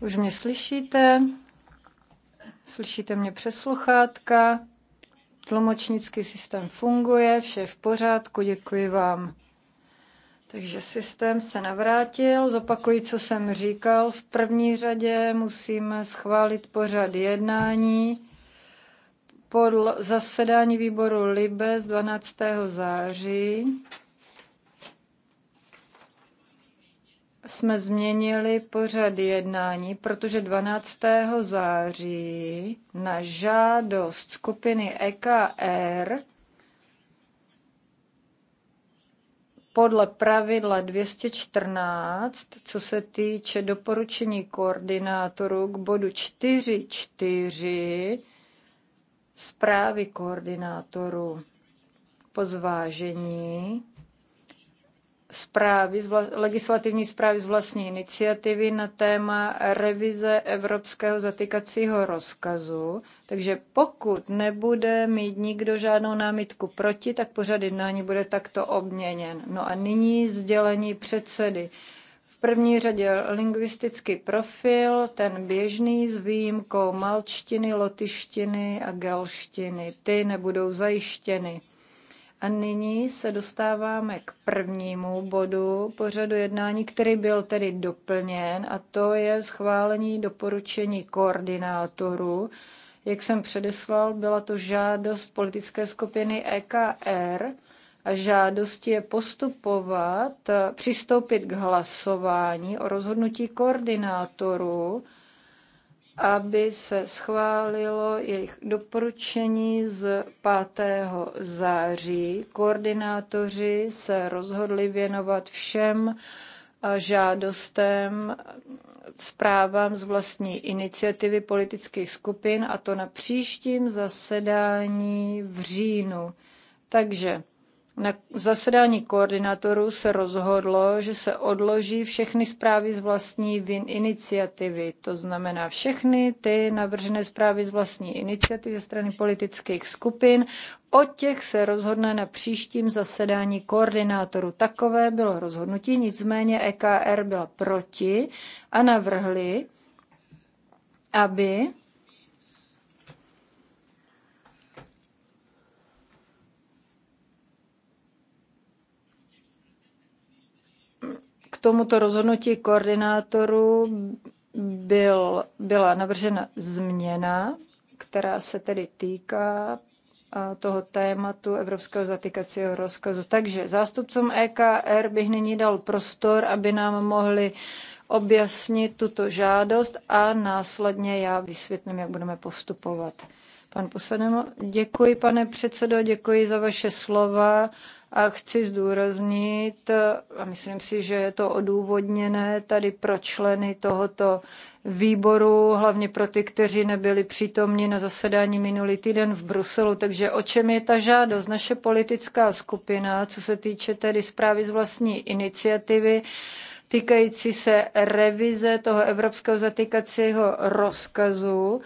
Už mě slyšíte? Slyšíte mě přes sluchátka? Tlumočnický systém funguje, vše je v pořádku, děkuji vám. Takže systém se navrátil. Zopakuji, co jsem říkal. V první řadě musíme schválit pořad jednání podle zasedání výboru Libe z 12. září. jsme změnili pořad jednání, protože 12. září na žádost skupiny EKR podle pravidla 214, co se týče doporučení koordinátorů k bodu 4.4 zprávy koordinátorů po zvážení zprávy, legislativní zprávy z vlastní iniciativy na téma revize evropského zatýkacího rozkazu. Takže pokud nebude mít nikdo žádnou námitku proti, tak pořad jednání bude takto obměněn. No a nyní sdělení předsedy. V první řadě lingvistický profil, ten běžný s výjimkou malčtiny, lotyšštiny a gelštiny Ty nebudou zajištěny. A nyní se dostáváme k prvnímu bodu pořadu jednání, který byl tedy doplněn, a to je schválení doporučení koordinátoru. Jak jsem předeslal, byla to žádost politické skupiny EKR a žádost je postupovat, přistoupit k hlasování o rozhodnutí koordinátoru aby se schválilo jejich doporučení z 5. září. Koordinátoři se rozhodli věnovat všem eh, žádostem, zprávám z vlastní iniciativy politických skupin a to na příštím zasedání v říjnu. Takže na zasedání koordinátorů se rozhodlo, že se odloží všechny zprávy z vlastní VIN iniciativy, to znamená všechny ty navržené zprávy z vlastní iniciativy ze strany politických skupin. O těch se rozhodne na příštím zasedání koordinátorů. Takové bylo rozhodnutí, nicméně EKR byla proti a navrhli, aby tomuto rozhodnutí koordinátorů byl, byla navržena změna, která se tedy týká toho tématu evropského zatýkacího rozkazu. Takže zástupcům EKR bych nyní dal prostor, aby nám mohli objasnit tuto žádost a následně já vysvětlím, jak budeme postupovat. Pan poslanec, děkuji, pane předsedo, děkuji za vaše slova chci zdůraznit, a myslím si, že je to odůvodněné tady pro členy tohoto výboru, hlavně pro ty, kteří nebyli přítomni na zasedání minulý týden v Bruselu. Takže o čem je ta žádost? Naše politická skupina, co se týče tedy zprávy z vlastní iniciativy, týkající se revize toho evropského zatýkacího rozkazu,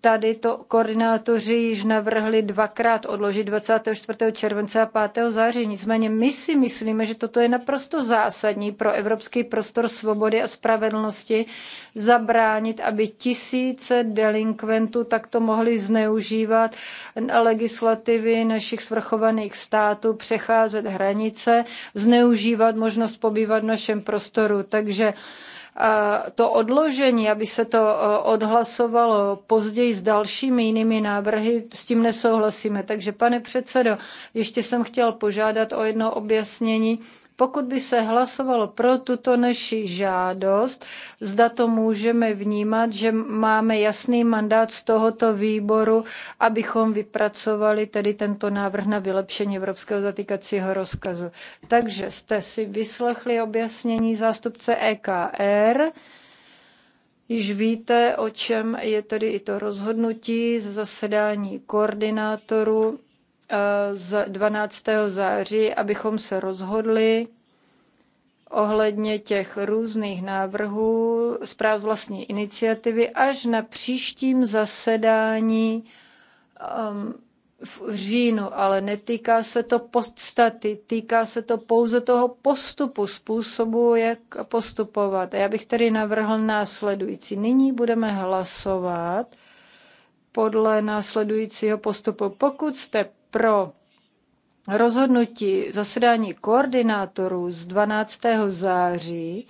Tady to koordinátoři již navrhli dvakrát odložit 24. července a 5. září. Nicméně my si myslíme, že toto je naprosto zásadní pro evropský prostor svobody a spravedlnosti zabránit, aby tisíce delinkventů takto mohli zneužívat legislativy našich svrchovaných států, přecházet hranice, zneužívat možnost pobývat v našem prostoru. Takže to odložení, aby se to e, odhlasovalo později s dalšími jinými návrhy, s tím nesouhlasíme. Takže, pane předsedo, ještě jsem chtěl požádat o jedno objasnění pokud by se hlasovalo pro tuto naši žádost, zda to můžeme vnímat, že máme jasný mandát z tohoto výboru, abychom vypracovali tedy tento návrh na vylepšení evropského zatýkacího rozkazu. Takže jste si vyslechli objasnění zástupce EKR. Již víte, o čem je tedy i to rozhodnutí z zasedání koordinátorů Eh, z 12. září, abychom se rozhodli ohledně těch různých návrhů zpráv vlastní iniciativy až na příštím zasedání ehm, v říjnu, ale netýká se to podstaty, týká se to pouze toho postupu, způsobu, jak postupovat. já bych tedy navrhl následující. Nyní budeme hlasovat podle následujícího postupu. Pokud jste pro rozhodnutí zasedání koordinátorů z 12. září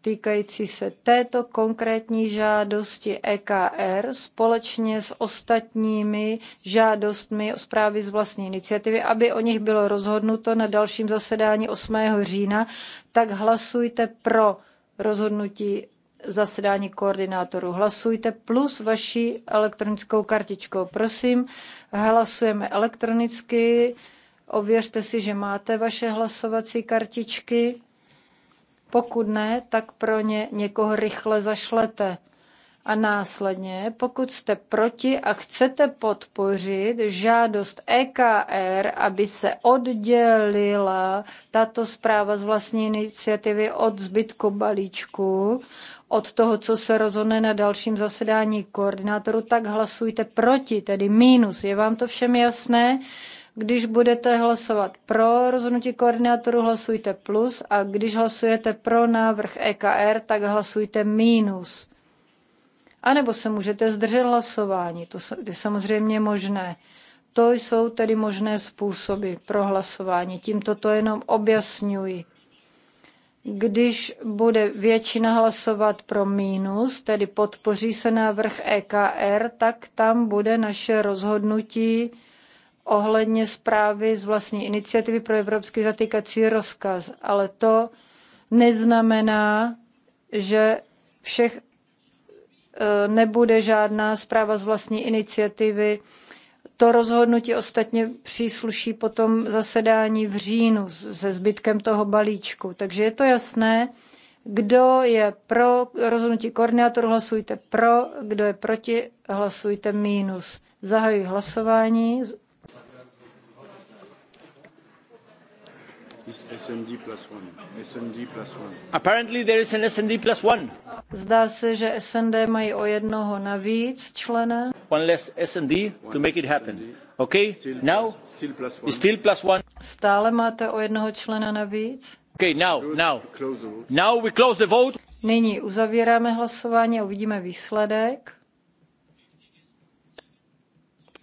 týkající se této konkrétní žádosti EKR společně s ostatními žádostmi o zprávy z vlastní iniciativy, aby o nich bylo rozhodnuto na dalším zasedání 8. října, tak hlasujte pro rozhodnutí zasedání koordinátorů. Hlasujte plus vaší elektronickou kartičkou. Prosím, Hlasujeme elektronicky. Ověřte si, že máte vaše hlasovací kartičky. Pokud ne, tak pro ně někoho rychle zašlete. A následně, pokud jste proti a chcete podpořit žádost EKR, aby se oddělila tato zpráva z vlastní iniciativy od zbytku balíčku, od toho, co se rozhodne na dalším zasedání koordinátoru, tak hlasujte proti, tedy mínus. Je vám to všem jasné? Když budete hlasovat pro rozhodnutí koordinátoru, hlasujte plus a když hlasujete pro návrh EKR, tak hlasujte mínus. A nebo se můžete zdržet hlasování, to je samozřejmě možné. To jsou tedy možné způsoby pro hlasování. Tímto to jenom objasňuji. Když bude většina hlasovat pro mínus, tedy podpoří se návrh EKR, tak tam bude naše rozhodnutí ohledně zprávy z vlastní iniciativy pro evropský zatýkací rozkaz. Ale to neznamená, že všech e, nebude žádná zpráva z vlastní iniciativy to rozhodnutí ostatně přísluší potom zasedání v říjnu se zbytkem toho balíčku. Takže je to jasné, kdo je pro rozhodnutí koordinátoru, hlasujte pro, kdo je proti, hlasujte mínus. Zahajuji hlasování, Is SND plus one. SND plus one. Apparently there is an SND plus one. Zdá se, že SND mají o jednoho navíc člena. One less SND to make it happen. SND. Okay, still now plus, still plus one. still plus one. Stále máte o jednoho člena navíc. Okay, now, now. Now we close the vote. Nyní uzavíráme hlasování a uvidíme výsledek.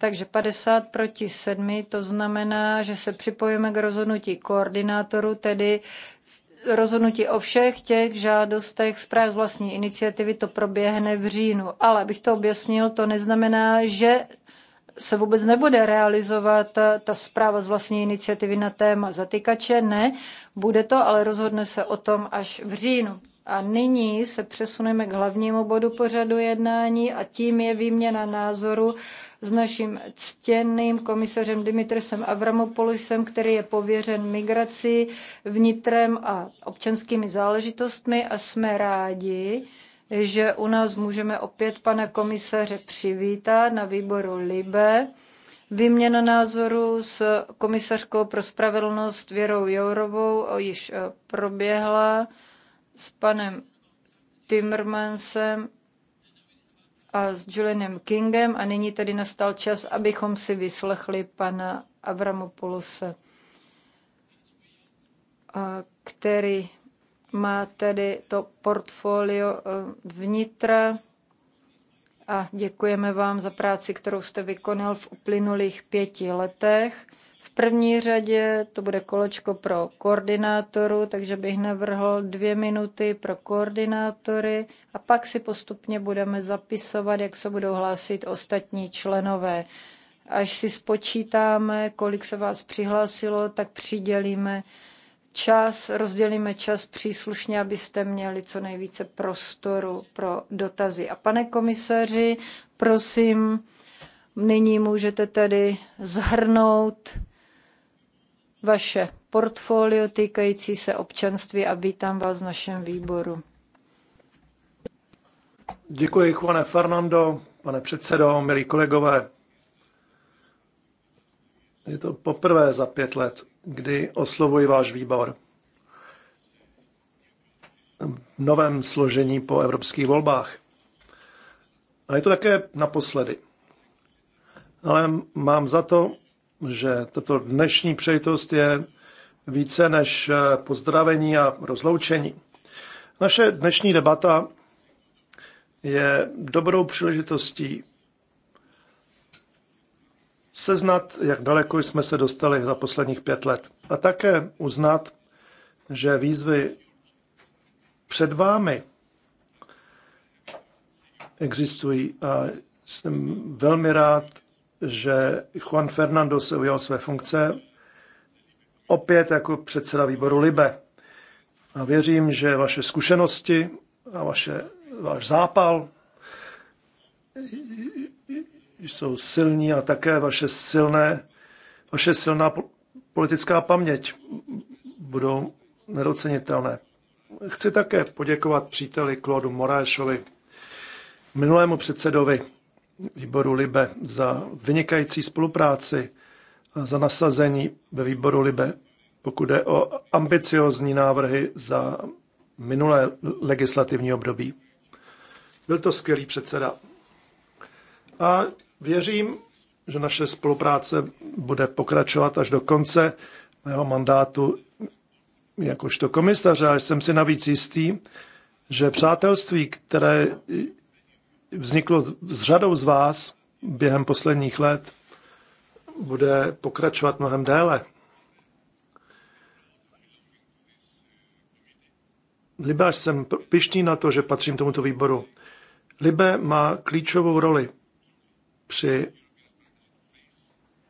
Takže 50 proti 7, to znamená, že se připojíme k rozhodnutí koordinátoru, tedy rozhodnutí o všech těch žádostech zpráv z vlastní iniciativy, to proběhne v říjnu. Ale abych to objasnil, to neznamená, že se vůbec nebude realizovat ta, ta zpráva z vlastní iniciativy na téma zatýkače, ne, bude to, ale rozhodne se o tom až v říjnu. A nyní se přesuneme k hlavnímu bodu pořadu jednání a tím je výměna názoru s naším ctěným komisařem Dimitrisem Avramopolisem, který je pověřen migrací, vnitrem a občanskými záležitostmi a jsme rádi, že u nás můžeme opět pana komisaře přivítat na výboru LIBE. Výměna názoru s komisařkou pro spravedlnost Věrou Jourovou již eh, proběhla s panem Timmermansem a s Julianem Kingem a nyní tedy nastal čas, abychom si vyslechli pana Avramopolose, který má tedy to portfolio e, vnitra a děkujeme vám za práci, kterou jste vykonal v uplynulých pěti letech první řadě to bude kolečko pro koordinátoru, takže bych navrhl dvě minuty pro koordinátory a pak si postupně budeme zapisovat, jak se budou hlásit ostatní členové. Až si spočítáme, kolik se vás přihlásilo, tak přidělíme čas, rozdělíme čas příslušně, abyste měli co nejvíce prostoru pro dotazy. A pane komisaři, prosím, nyní můžete tedy zhrnout vaše portfolio týkající se občanství a vítám vás v našem výboru. Děkuji, Juane Fernando, pane předsedo, milí kolegové. Je to poprvé za pět let, kdy oslovuji váš výbor v novém složení po evropských volbách. A je to také naposledy. Ale mám za to, že tato dnešní přejitost je více než eh, pozdravení a rozloučení. Naše dnešní debata je dobrou příležitostí seznat, jak daleko jsme se dostali za posledních pět let a také uznat, že výzvy před vámi existují a jsem velmi rád, že Juan Fernando se ujal své funkce opět jako předseda výboru Libe. A věřím, že vaše zkušenosti a vaše, váš zápal jsou silní a také vaše silné, vaše silná politická paměť budou nedocenitelné. Chci také poděkovat příteli Claudu Morášovi, minulému předsedovi výboru Libe za vynikající spolupráci za nasazení ve výboru Libe, pokud jde o ambiciozní návrhy za minulé legislativní období. Byl to skvělý předseda. A věřím, že naše spolupráce bude pokračovat až do konce mého mandátu jakožto komisaře. A jsem si navíc jistý, že přátelství, které vzniklo s řadou z vás během posledních let, bude pokračovat mnohem déle. až jsem pišný na to, že patřím tomuto výboru. Libe má klíčovou roli při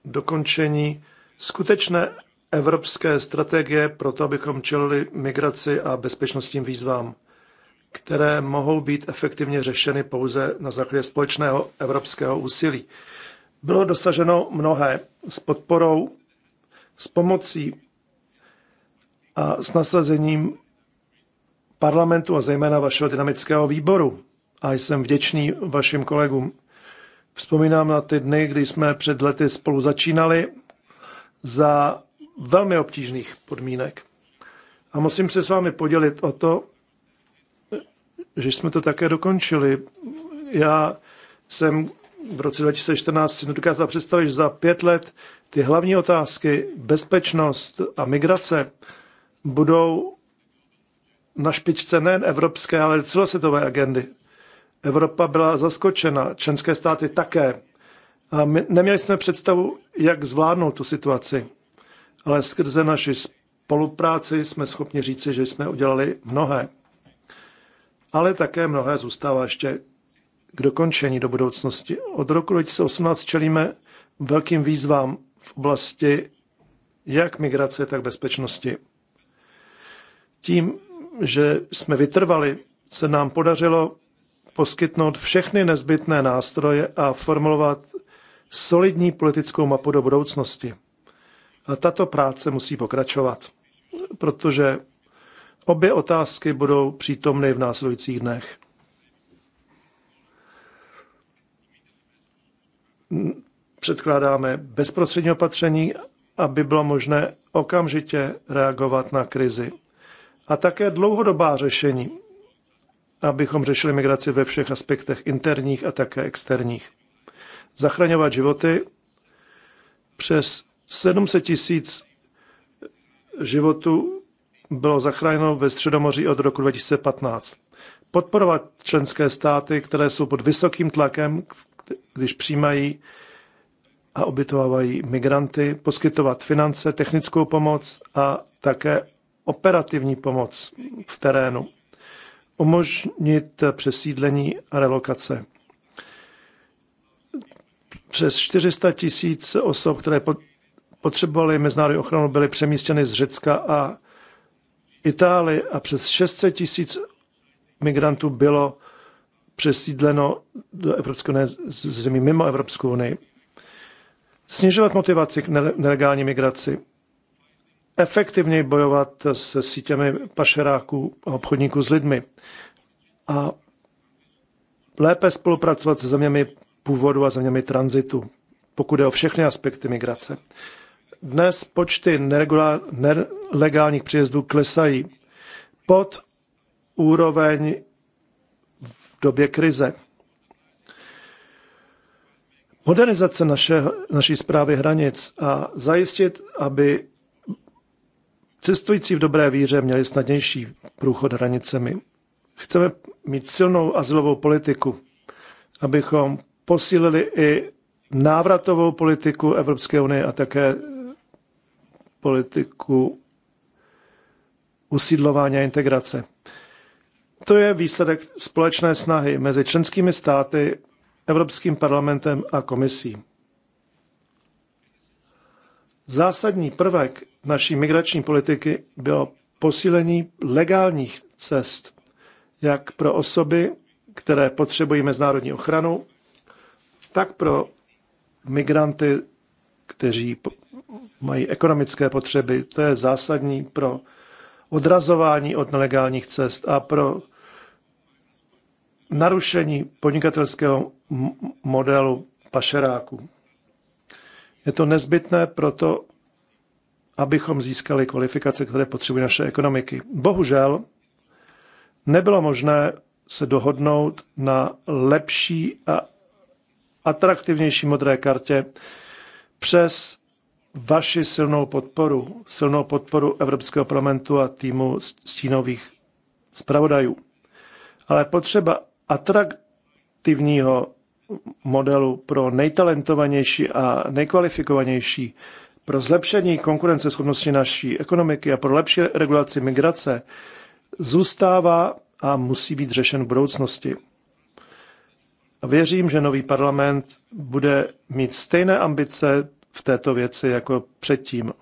dokončení skutečné evropské strategie pro to, abychom čelili migraci a bezpečnostním výzvám které mohou být efektivně řešeny pouze na základě společného evropského úsilí. Bylo dosaženo mnohé s podporou, s pomocí a s nasazením parlamentu a zejména vašeho dynamického výboru. A jsem vděčný vašim kolegům. Vzpomínám na ty dny, kdy jsme před lety spolu začínali za velmi obtížných podmínek. A musím se s vámi podělit o to, že jsme to také dokončili. Já jsem v roce 2014 si dokázal představit, že za pět let ty hlavní otázky bezpečnost a migrace budou na špičce nejen evropské, ale celosvětové agendy. Evropa byla zaskočena, členské státy také. A my neměli jsme představu, jak zvládnout tu situaci, ale skrze naši spolupráci jsme schopni říci, že jsme udělali mnohé ale také mnohé zůstává ještě k dokončení do budoucnosti. Od roku 2018 čelíme velkým výzvám v oblasti jak migrace, tak bezpečnosti. Tím, že jsme vytrvali, se nám podařilo poskytnout všechny nezbytné nástroje a formulovat solidní politickou mapu do budoucnosti. A tato práce musí pokračovat, protože Obě otázky budou přítomny v následujících dnech. Předkládáme bezprostřední opatření, aby bylo možné okamžitě reagovat na krizi. A také dlouhodobá řešení, abychom řešili migraci ve všech aspektech interních a také externích. Zachraňovat životy přes 700 tisíc životů bylo zachráněno ve Středomoří od roku 2015. Podporovat členské státy, které jsou pod vysokým tlakem, když přijímají a obytovávají migranty, poskytovat finance, technickou pomoc a také operativní pomoc v terénu. Umožnit přesídlení a relokace. Přes 400 tisíc osob, které potřebovaly mezinárodní ochranu, byly přemístěny z Řecka a Itálii a přes 600 tisíc migrantů bylo přesídleno do Evropské unie z zemí mimo Evropskou unii. Snižovat motivaci k nelegální migraci, efektivněji bojovat se sítěmi pašeráků a obchodníků s lidmi a lépe spolupracovat se zeměmi původu a zeměmi tranzitu, pokud jde o všechny aspekty migrace. Dnes počty nelegálních příjezdů klesají pod úroveň v době krize. Modernizace naše, naší zprávy hranic a zajistit, aby cestující v dobré víře měli snadnější průchod hranicemi. Chceme mít silnou azylovou politiku, abychom posílili i návratovou politiku Evropské unie a také politiku usídlování a integrace. To je výsledek společné snahy mezi členskými státy, Evropským parlamentem a komisí. Zásadní prvek naší migrační politiky bylo posílení legálních cest, jak pro osoby, které potřebují mezinárodní ochranu, tak pro migranty, kteří mají ekonomické potřeby. To je zásadní pro odrazování od nelegálních cest a pro narušení podnikatelského modelu pašeráku. Je to nezbytné proto, abychom získali kvalifikace, které potřebují naše ekonomiky. Bohužel nebylo možné se dohodnout na lepší a atraktivnější modré kartě přes vaši silnou podporu, silnou podporu Evropského parlamentu a týmu stínových zpravodajů. Ale potřeba atraktivního modelu pro nejtalentovanější a nejkvalifikovanější, pro zlepšení konkurenceschopnosti naší ekonomiky a pro lepší regulaci migrace zůstává a musí být řešen v budoucnosti. Věřím, že nový parlament bude mít stejné ambice v této věci jako předtím.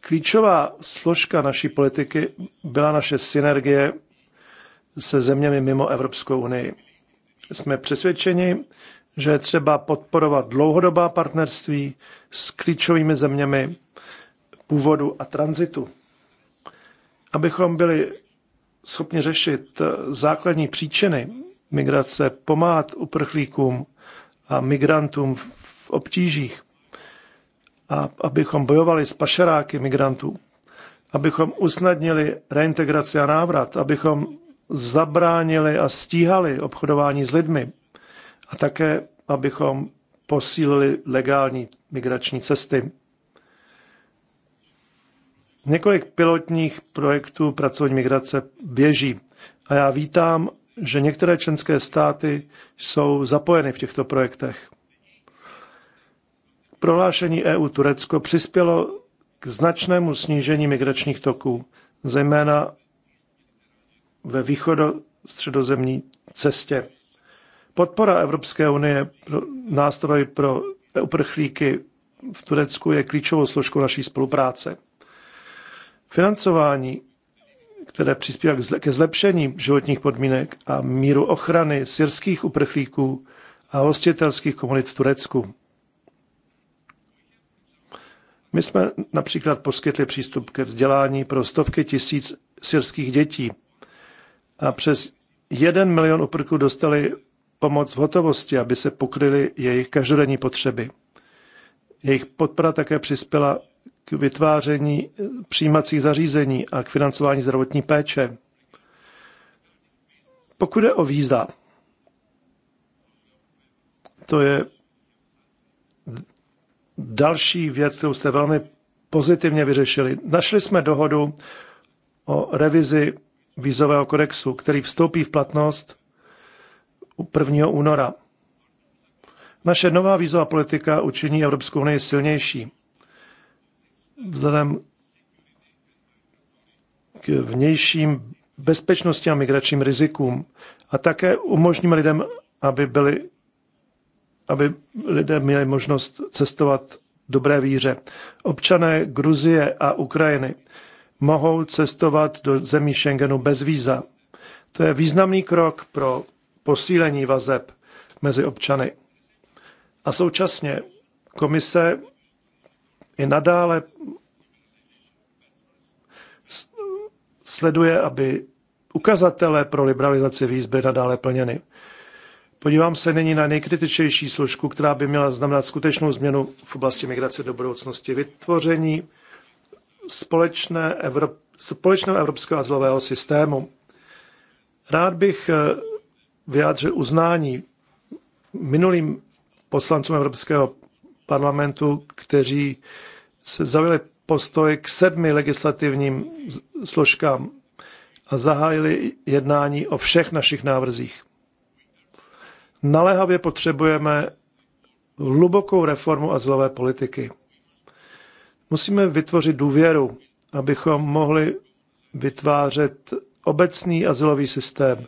Klíčová složka naší politiky byla naše synergie se zeměmi mimo Evropskou unii. Jsme přesvědčeni, že je třeba podporovat dlouhodobá partnerství s klíčovými zeměmi původu a tranzitu. Abychom byli schopni řešit základní příčiny migrace, pomáhat uprchlíkům a migrantům v obtížích a abychom bojovali s pašeráky migrantů, abychom usnadnili reintegraci a návrat, abychom zabránili a stíhali obchodování s lidmi a také, abychom posílili legální migrační cesty. Několik pilotních projektů pracovní migrace běží a já vítám, že některé členské státy jsou zapojeny v těchto projektech. Prohlášení EU Turecko přispělo k značnému snížení migračních toků, zejména ve východo-středozemní cestě. Podpora Evropské unie pro nástroj pro uprchlíky v Turecku je klíčovou složkou naší spolupráce. Financování, které přispívá ke zlepšení životních podmínek a míru ochrany syrských uprchlíků a hostitelských komunit v Turecku. My jsme například poskytli přístup ke vzdělání pro stovky tisíc syrských dětí a přes jeden milion uprků dostali pomoc v hotovosti, aby se pokryly jejich každodenní potřeby. Jejich podpora také přispěla k vytváření přijímacích zařízení a k financování zdravotní péče. Pokud je o víza, to je další věc, kterou jste velmi pozitivně vyřešili. Našli jsme dohodu o revizi vízového kodexu, který vstoupí v platnost 1. února. Naše nová vízová politika učiní Evropskou unii silnější. Vzhledem k vnějším bezpečnosti a migračním rizikům. A také umožníme lidem, aby byli aby lidé měli možnost cestovat dobré víře. Občané Gruzie a Ukrajiny mohou cestovat do zemí Schengenu bez víza. To je významný krok pro posílení vazeb mezi občany. A současně komise i nadále sleduje, aby ukazatele pro liberalizaci víz byly nadále plněny. Podívám se nyní na nejkritičejší složku, která by měla znamenat skutečnou změnu v oblasti migrace do budoucnosti. Vytvoření společné Evrop, společného evropského azylového systému. Rád bych eh, vyjádřil uznání minulým poslancům Evropského parlamentu, kteří se zavili postoj k sedmi legislativním složkám a zahájili jednání o všech našich návrzích. Naléhavě potřebujeme hlubokou reformu azylové politiky. Musíme vytvořit důvěru, abychom mohli vytvářet obecný azylový systém,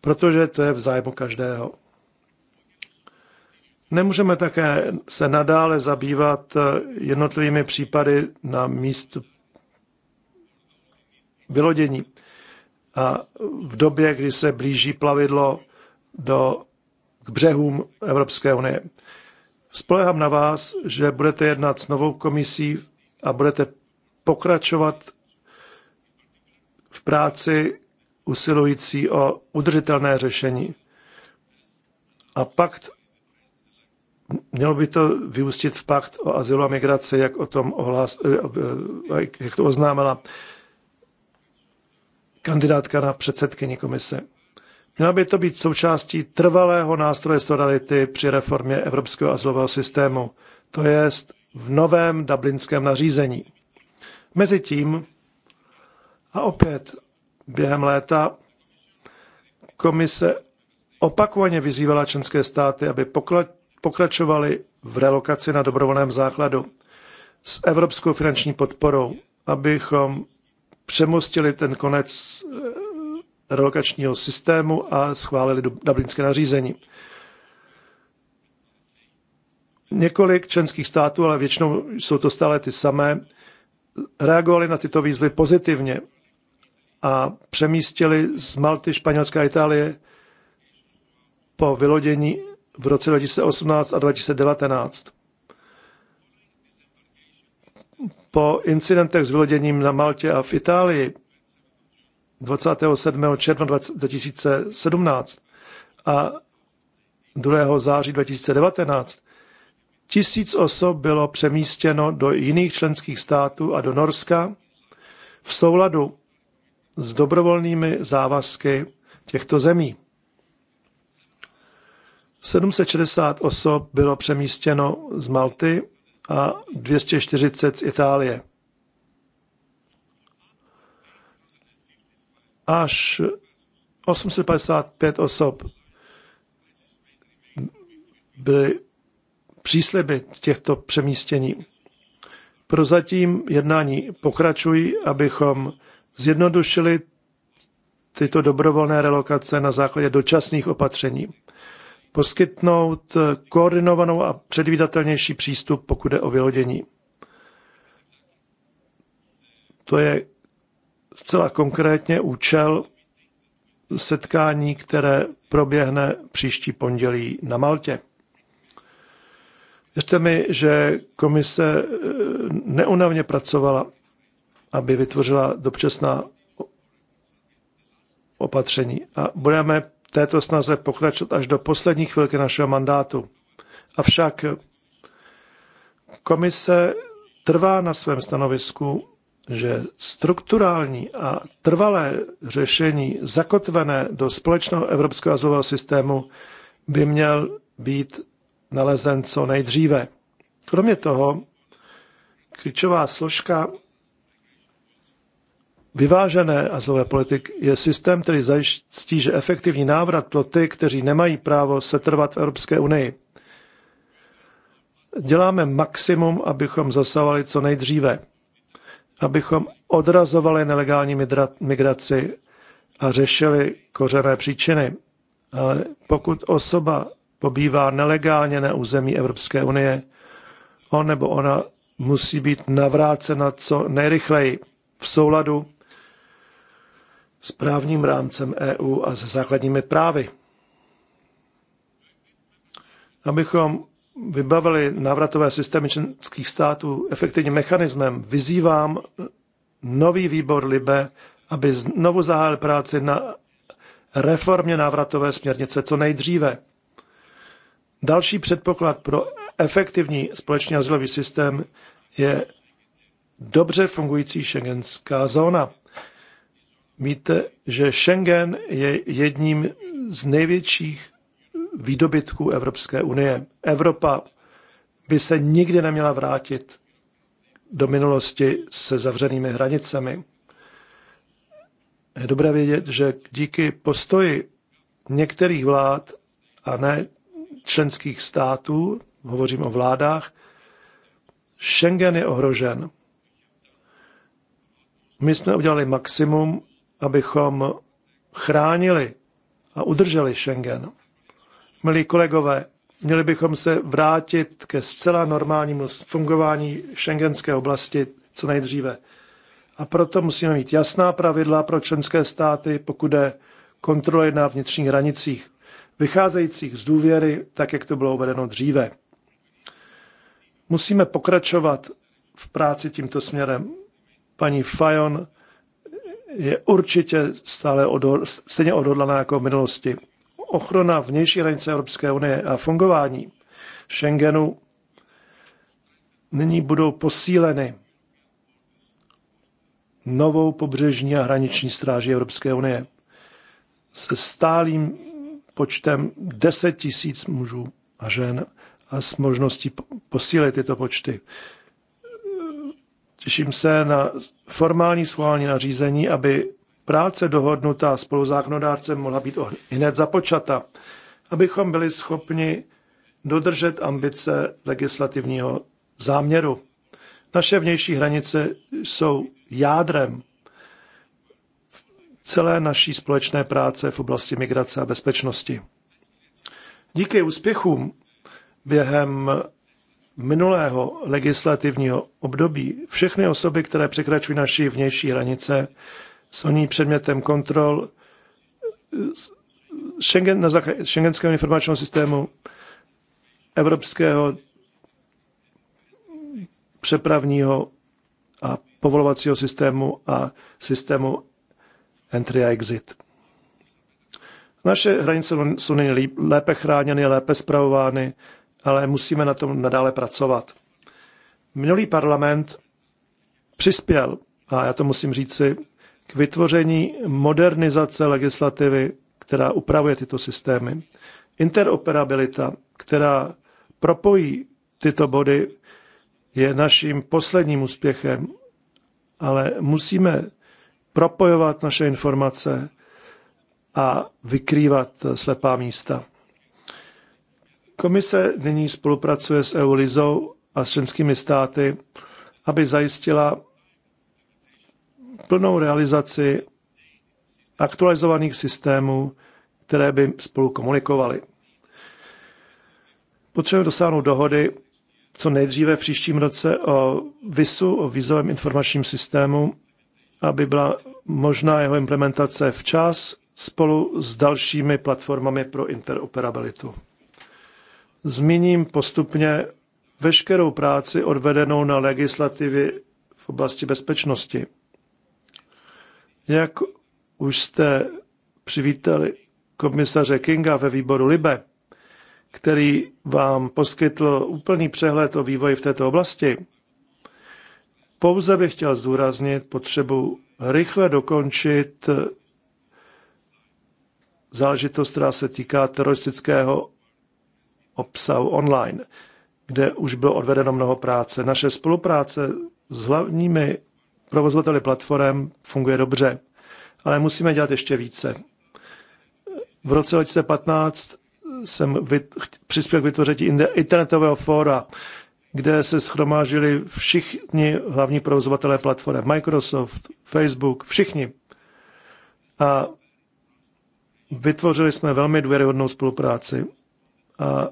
protože to je v zájmu každého. Nemůžeme také se nadále zabývat jednotlivými případy na míst vylodění. A v době, kdy se blíží plavidlo do k břehům Evropské unie. Spolehám na vás, že budete jednat s novou komisí a budete pokračovat v práci usilující o udržitelné řešení. A pakt, mělo by to vyústit v pakt o azylu a migraci, jak, o tom ohlás, eh, jak to oznámila kandidátka na předsedkyni komise. Měla by to být součástí trvalého nástroje solidarity při reformě evropského azylového systému, to jest v novém dublinském nařízení. Mezitím a opět během léta komise opakovaně vyzývala členské státy, aby pokračovali v relokaci na dobrovolném základu s evropskou finanční podporou, abychom přemostili ten konec relokačního systému a schválili dublinské nařízení. Několik členských států, ale většinou jsou to stále ty samé, reagovali na tyto výzvy pozitivně a přemístili z Malty, Španělska a Itálie po vylodění v roce 2018 a 2019. Po incidentech s vyloděním na Maltě a v Itálii 27. června 2017 a 2. září 2019 tisíc osob bylo přemístěno do jiných členských států a do Norska v souladu s dobrovolnými závazky těchto zemí. 760 osob bylo přemístěno z Malty a 240 z Itálie. až 855 osob byly přísliby těchto přemístění. Prozatím jednání pokračují, abychom zjednodušili tyto dobrovolné relokace na základě dočasných opatření. Poskytnout koordinovanou a předvídatelnější přístup, pokud jde o vylodění. To je zcela konkrétně účel setkání, které proběhne příští pondělí na Maltě. Věřte mi, že komise eh, neunavně pracovala, aby vytvořila dopřesná opatření. A budeme této snaze pokračovat až do poslední chvilky našeho mandátu. Avšak komise trvá na svém stanovisku že strukturální a trvalé řešení zakotvené do společného evropského azylového systému by měl být nalezen co nejdříve. Kromě toho, klíčová složka vyvážené azylové politik je systém, který zajistí, že efektivní návrat pro ty, kteří nemají právo setrvat v Evropské unii. Děláme maximum, abychom zasahovali co nejdříve abychom odrazovali nelegální migraci a řešili kořené příčiny. Ale pokud osoba pobývá nelegálně na území Evropské unie, on nebo ona musí být navrácena co nejrychleji v souladu s právním rámcem EU a se základními právy. Abychom vybavili návratové systémy členských států efektivním mechanismem, vyzývám nový výbor LIBE, aby znovu zahájil práci na reformě návratové směrnice co nejdříve. Další předpoklad pro efektivní společný azylový systém je dobře fungující šengenská zóna. Víte, že Schengen je jedním z největších výdobytků Evropské unie. Evropa by se nikdy neměla vrátit do minulosti se zavřenými hranicemi. Je dobré vědět, že díky postoji některých vlád a ne členských států, hovořím o vládách, Schengen je ohrožen. My jsme udělali maximum, abychom chránili a udrželi Schengen. Milí kolegové, měli bychom se vrátit ke zcela normálnímu fungování šengenské oblasti co nejdříve. A proto musíme mít jasná pravidla pro členské státy, pokud jde kontroly na vnitřních hranicích, vycházejících z důvěry, tak jak to bylo uvedeno dříve. Musíme pokračovat v práci tímto směrem. Paní Fajon je určitě stále odhod, stejně odhodlaná jako v minulosti ochrana vnější hranice Evropské unie a fungování Schengenu nyní budou posíleny novou pobřežní a hraniční stráží Evropské unie se stálým počtem 10 tisíc mužů a žen a s možností posílit tyto počty. Těším se na formální schválení nařízení, aby Práce dohodnutá spoluzákonodárcem mohla být hned započata, abychom byli schopni dodržet ambice legislativního záměru. Naše vnější hranice jsou jádrem celé naší společné práce v oblasti migrace a bezpečnosti. Díky úspěchům během minulého legislativního období všechny osoby, které překračují naši vnější hranice, jsou nyní předmětem kontrol eh, Schengen, na základě Schengenského informačního systému Evropského přepravního a povolovacího systému a systému entry a exit. Naše hranice jsou nyní lépe chráněny, lépe zpravovány, ale musíme na tom nadále pracovat. Minulý parlament přispěl, a já to musím říci, k vytvoření modernizace legislativy, která upravuje tyto systémy. Interoperabilita, která propojí tyto body, je naším posledním úspěchem, ale musíme propojovat naše informace a vykrývat slepá místa. Komise nyní spolupracuje s EU-LIZou a s členskými státy, aby zajistila plnou realizaci aktualizovaných systémů, které by spolu komunikovaly. Potřebujeme dosáhnout dohody co nejdříve v příštím roce o VISu, o vizovém informačním systému, aby byla možná jeho implementace včas spolu s dalšími platformami pro interoperabilitu. Zmíním postupně veškerou práci odvedenou na legislativě v oblasti bezpečnosti. Jak už jste přivítali komisaře Kinga ve výboru Libe, který vám poskytl úplný přehled o vývoji v této oblasti, pouze bych chtěl zdůraznit potřebu rychle dokončit záležitost, která se týká teroristického obsahu online, kde už bylo odvedeno mnoho práce. Naše spolupráce s hlavními provozovateli platform funguje dobře, ale musíme dělat ještě více. V roce 2015 jsem přispěl k vytvoření internetového fóra, kde se schromážili všichni hlavní provozovatelé platform, Microsoft, Facebook, všichni. A vytvořili jsme velmi důvěryhodnou spolupráci. A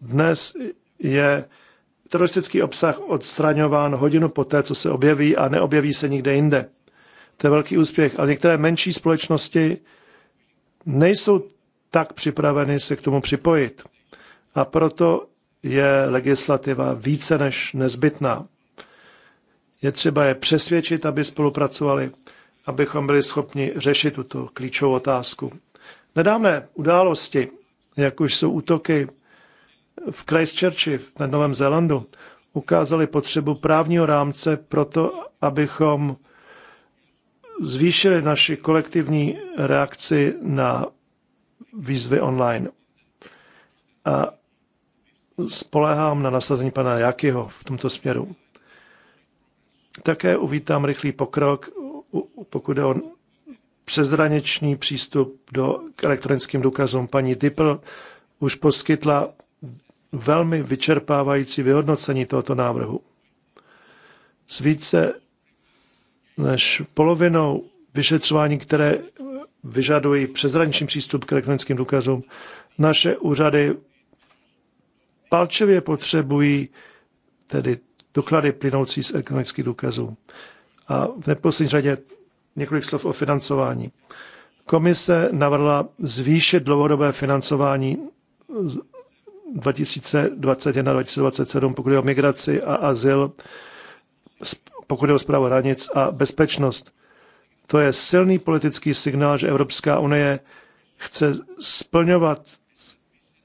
dnes je teroristický obsah odstraňován hodinu poté, co se objeví a neobjeví se nikde jinde. To je velký úspěch, ale některé menší společnosti nejsou tak připraveny se k tomu připojit. A proto je legislativa více než nezbytná. Je třeba je přesvědčit, aby spolupracovali, abychom byli schopni řešit tuto klíčovou otázku. Nedávné události, jak už jsou útoky v Christchurchi na Novém Zélandu ukázali potřebu právního rámce pro to, abychom zvýšili naši kolektivní reakci na výzvy online. A spolehám na nasazení pana Jakyho v tomto směru. Také uvítám rychlý pokrok, pokud je o přezraniční přístup do, k elektronickým důkazům. Paní Dippel už poskytla velmi vyčerpávající vyhodnocení tohoto návrhu. S více než polovinou vyšetřování, které vyžadují přezraniční přístup k elektronickým důkazům, naše úřady palčivě potřebují tedy doklady plynoucí z elektronických důkazů. A v neposlední řadě několik slov o financování. Komise navrhla zvýšit dlouhodobé financování 2021-2027, pokud je o migraci a azyl, pokud je o zprávu hranic a bezpečnost. To je silný politický signál, že Evropská unie chce splňovat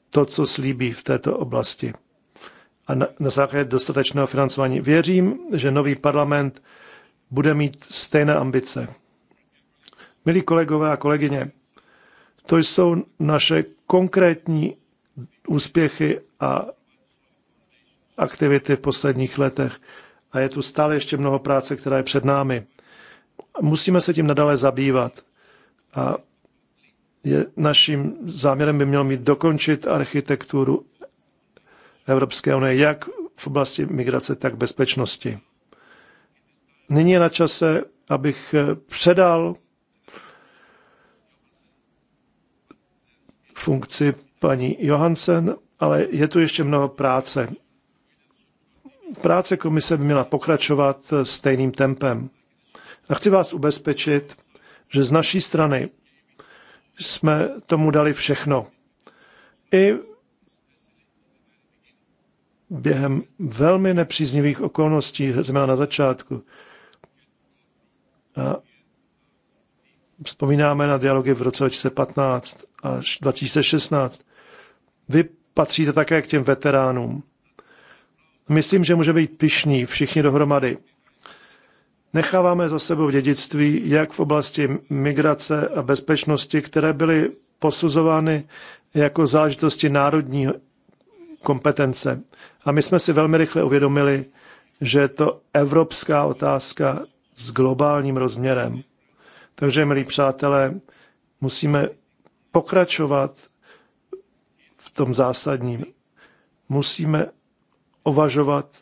to, co slíbí v této oblasti. A na, na základě dostatečného financování věřím, že nový parlament bude mít stejné ambice. Milí kolegové a kolegyně, to jsou naše konkrétní úspěchy a aktivity v posledních letech. A je tu stále ještě mnoho práce, která je před námi. Musíme se tím nadále zabývat. A je, naším záměrem by mělo mít dokončit architekturu Evropské unie, jak v oblasti migrace, tak bezpečnosti. Nyní je na čase, abych eh, předal funkci paní Johansen, ale je tu ještě mnoho práce. Práce komise by měla pokračovat stejným tempem. A chci vás ubezpečit, že z naší strany jsme tomu dali všechno. I během velmi nepříznivých okolností, zejména na začátku. A vzpomínáme na dialogy v roce 2015 až 2016. Vy patříte také k těm veteránům. Myslím, že může být pišní všichni dohromady. Necháváme za sebou dědictví, jak v oblasti migrace a bezpečnosti, které byly posuzovány jako záležitosti národní kompetence. A my jsme si velmi rychle uvědomili, že je to evropská otázka s globálním rozměrem. Takže, milí přátelé, musíme pokračovat tom zásadním. Musíme ovažovat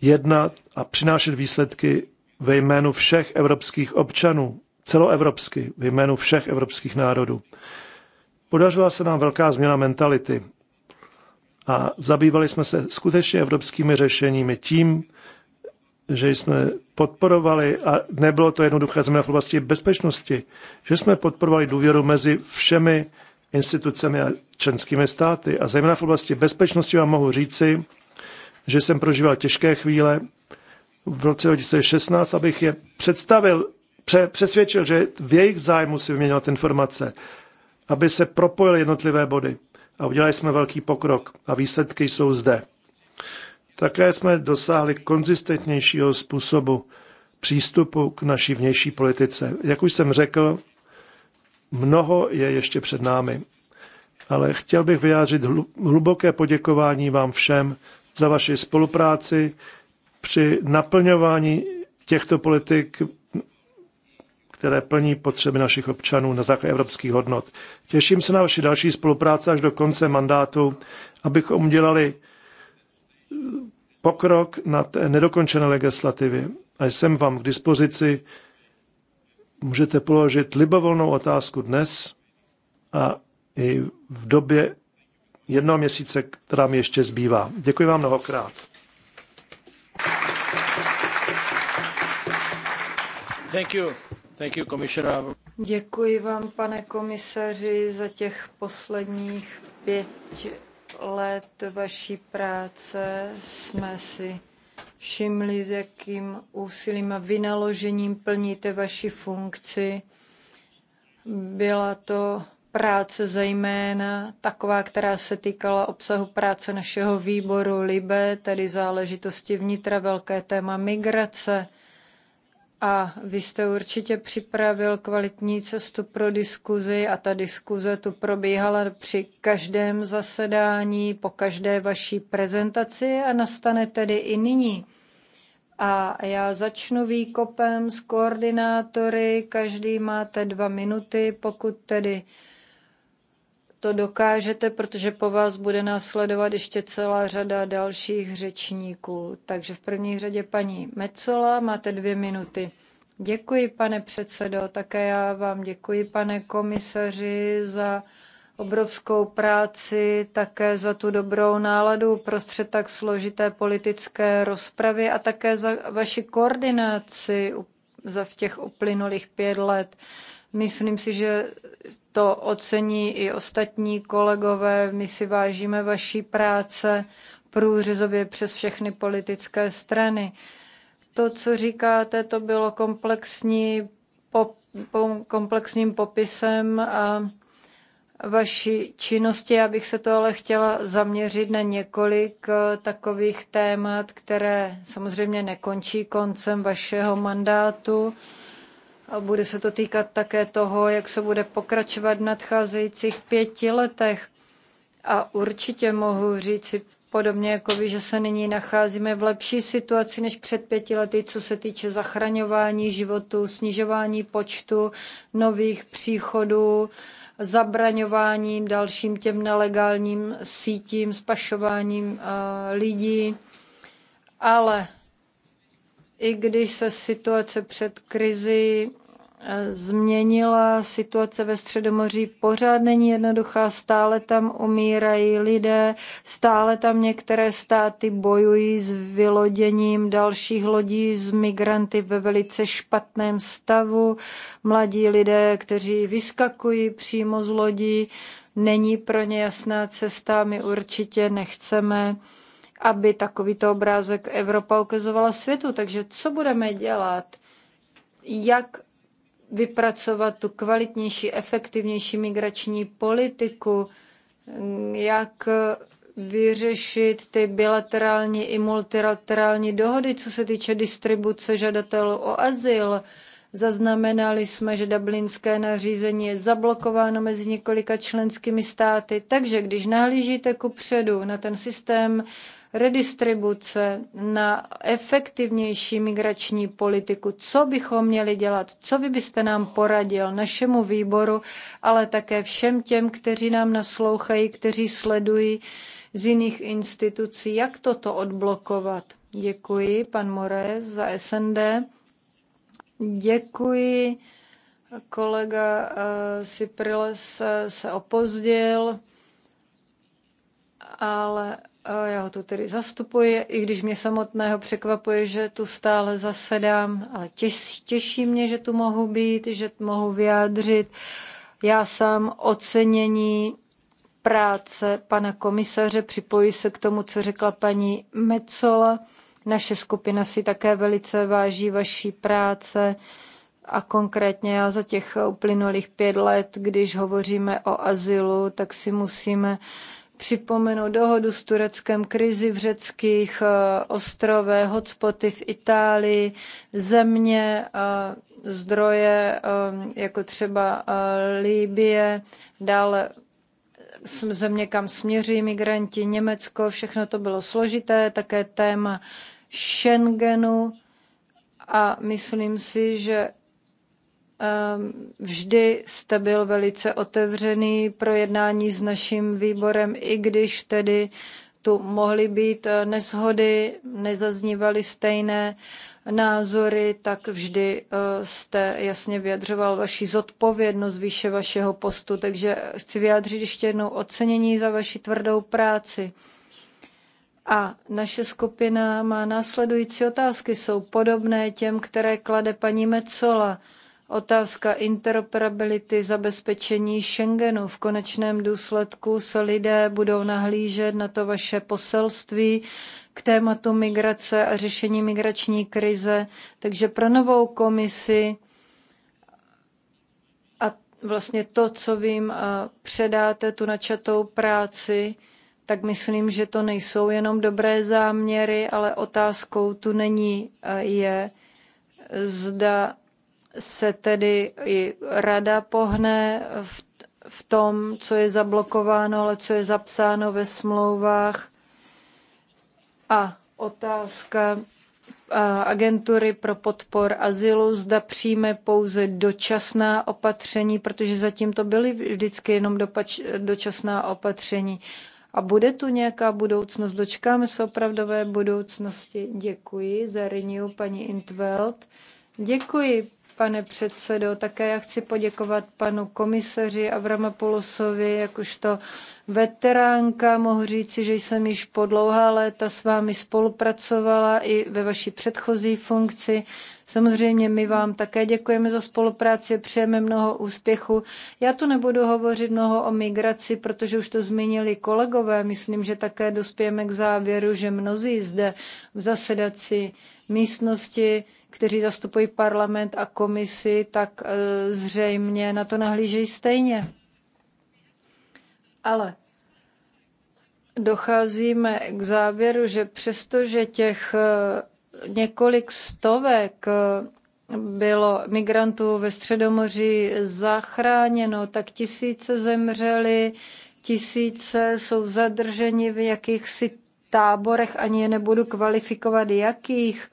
jednat a přinášet výsledky ve jménu všech evropských občanů, celoevropsky, ve jménu všech evropských národů. Podařila se nám velká změna mentality a zabývali jsme se skutečně evropskými řešeními tím, že jsme podporovali, a nebylo to jednoduché změna v oblasti bezpečnosti, že jsme podporovali důvěru mezi všemi institucemi a členskými státy. A zejména v oblasti bezpečnosti vám mohu říci, že jsem prožíval těžké chvíle v roce 2016, abych je představil, pře- přesvědčil, že v jejich zájmu si vyměňovat informace, aby se propojily jednotlivé body. A udělali jsme velký pokrok a výsledky jsou zde. Také jsme dosáhli konzistentnějšího způsobu přístupu k naší vnější politice. Jak už jsem řekl, Mnoho je ještě před námi. Ale chtěl bych vyjádřit hluboké poděkování vám všem za vaši spolupráci při naplňování těchto politik, které plní potřeby našich občanů na základě evropských hodnot. Těším se na vaši další spolupráci až do konce mandátu, abychom udělali pokrok na té nedokončené legislativě. A jsem vám k dispozici můžete položit libovolnou otázku dnes a i v době jednoho měsíce, která mi ještě zbývá. Děkuji vám mnohokrát. Thank you. Thank you, Děkuji vám, pane komisaři, za těch posledních pět let vaší práce. Jsme si všimli, s jakým úsilím a vynaložením plníte vaši funkci. Byla to práce zejména taková, která se týkala obsahu práce našeho výboru LIBE, tedy záležitosti vnitra, velké téma migrace. A vy jste určitě připravil kvalitní cestu pro diskuzi a ta diskuze tu probíhala při každém zasedání, po každé vaší prezentaci a nastane tedy i nyní. A já začnu výkopem s koordinátory, každý máte dva minuty, pokud tedy to dokážete, protože po vás bude následovat ještě celá řada dalších řečníků. Takže v první řadě paní Mecola, máte dvě minuty. Děkuji, pane předsedo, také já vám děkuji, pane komisaři, za obrovskou práci, také za tu dobrou náladu prostřed tak složité politické rozpravy a také za vaši koordinaci za v těch uplynulých pět let. Myslím si, že to ocení i ostatní kolegové. My si vážíme vaší práce průřezově přes všechny politické strany. To, co říkáte, to bylo komplexní, po, po, komplexním popisem a vaší činnosti. Já bych se to ale chtěla zaměřit na několik eh, takových témat, které samozřejmě nekončí koncem vašeho mandátu. A bude se to týkat také toho, jak se bude pokračovat v nadcházejících pěti letech. A určitě mohu říct si podobně jako vy, že se nyní nacházíme v lepší situaci než před pěti lety, co se týče zachraňování životu, snižování počtu nových příchodů, zabraňováním dalším těm nelegálním sítím, spašováním eh, lidí. Ale i když se situace před krizi eh, změnila, situace ve Středomoří pořád není jednoduchá, stále tam umírají lidé, stále tam některé státy bojují s vyloděním dalších lodí z migranty ve velice špatném stavu, mladí lidé, kteří vyskakují přímo z lodí, není pro ně jasná cesta, my určitě nechceme aby takovýto obrázek Evropa ukazovala světu. Takže co budeme dělat? Jak vypracovat tu kvalitnější, efektivnější migrační politiku? Jak vyřešit ty bilaterální i multilaterální dohody, co se týče distribuce žadatelů o azyl? Zaznamenali jsme, že dublinské nařízení je zablokováno mezi několika členskými státy, takže když nahlížíte ku předu na ten systém redistribuce, na efektivnější migrační politiku, co bychom měli dělat, co vy byste nám poradil, našemu výboru, ale také všem těm, kteří nám naslouchají, kteří sledují z jiných institucí, jak toto odblokovat. Děkuji, pan Morez za SND. Děkuji. Kolega uh, Cypriles eh, se opozdil, ale já ho tu tedy zastupuji, i když mě samotného překvapuje, že tu stále zasedám, ale těš, těší mě, že tu mohu být, že mohu vyjádřit já sám ocenění práce pana komisaře. připojí se k tomu, co řekla paní Mecola. Naše skupina si také velice váží vaší práce a konkrétně já za těch uplynulých pět let, když hovoříme o azylu, tak si musíme uh, připomenout dohodu s Tureckem, krizi v řeckých eh, ostrovech, hotspoty v Itálii, země, eh, zdroje, eh, jako třeba Líbie, dále země, kam směří migranti, Německo, všechno to bylo složité, také téma Schengenu a myslím si, že Ehm, vždy jste byl velice otevřený pro jednání s naším výborem, i když tedy tu mohly být eh, neshody, nezaznívaly stejné názory, tak vždy eh, jste jasně vyjadřoval vaši zodpovědnost výše vašeho postu. Takže eh, chci vyjádřit ještě jednou ocenění za vaši tvrdou práci. A naše skupina má následující otázky, jsou podobné těm, které klade paní Mecola. Otázka interoperability, zabezpečení Schengenu. V konečném důsledku se lidé budou nahlížet na to vaše poselství k tématu migrace a řešení migrační krize. Takže pro novou komisi a vlastně to, co vím, předáte tu načatou práci, tak myslím, že to nejsou jenom dobré záměry, ale otázkou tu není je, zda se tedy i rada pohne v, v tom, co je zablokováno, ale co je zapsáno ve smlouvách. A otázka agentury pro podpor azylu, zda přijme pouze dočasná opatření, protože zatím to byly vždycky jenom dopač, dočasná opatření. A bude tu nějaká budoucnost? Dočkáme se opravdové budoucnosti. Děkuji za Renew, paní Intveld. Děkuji, pane předsedo. Také já chci poděkovat panu komisaři Avramopoulosovi, jakožto veteránka. Mohu říci, že jsem již po dlouhá léta s vámi spolupracovala i ve vaší předchozí funkci. Samozřejmě my vám také děkujeme za spolupráci, přejeme mnoho úspěchu. Já tu nebudu hovořit mnoho o migraci, protože už to zmínili kolegové. Myslím, že také dospějeme k závěru, že mnozí zde v zasedací místnosti kteří zastupují parlament a komisi, tak e, zřejmě na to nahlížejí stejně. Ale docházíme k závěru, že přestože těch e, několik stovek e, bylo migrantů ve Středomoří zachráněno, tak tisíce zemřeli, tisíce jsou zadrženi v jakýchsi táborech, ani je nebudu kvalifikovat jakých.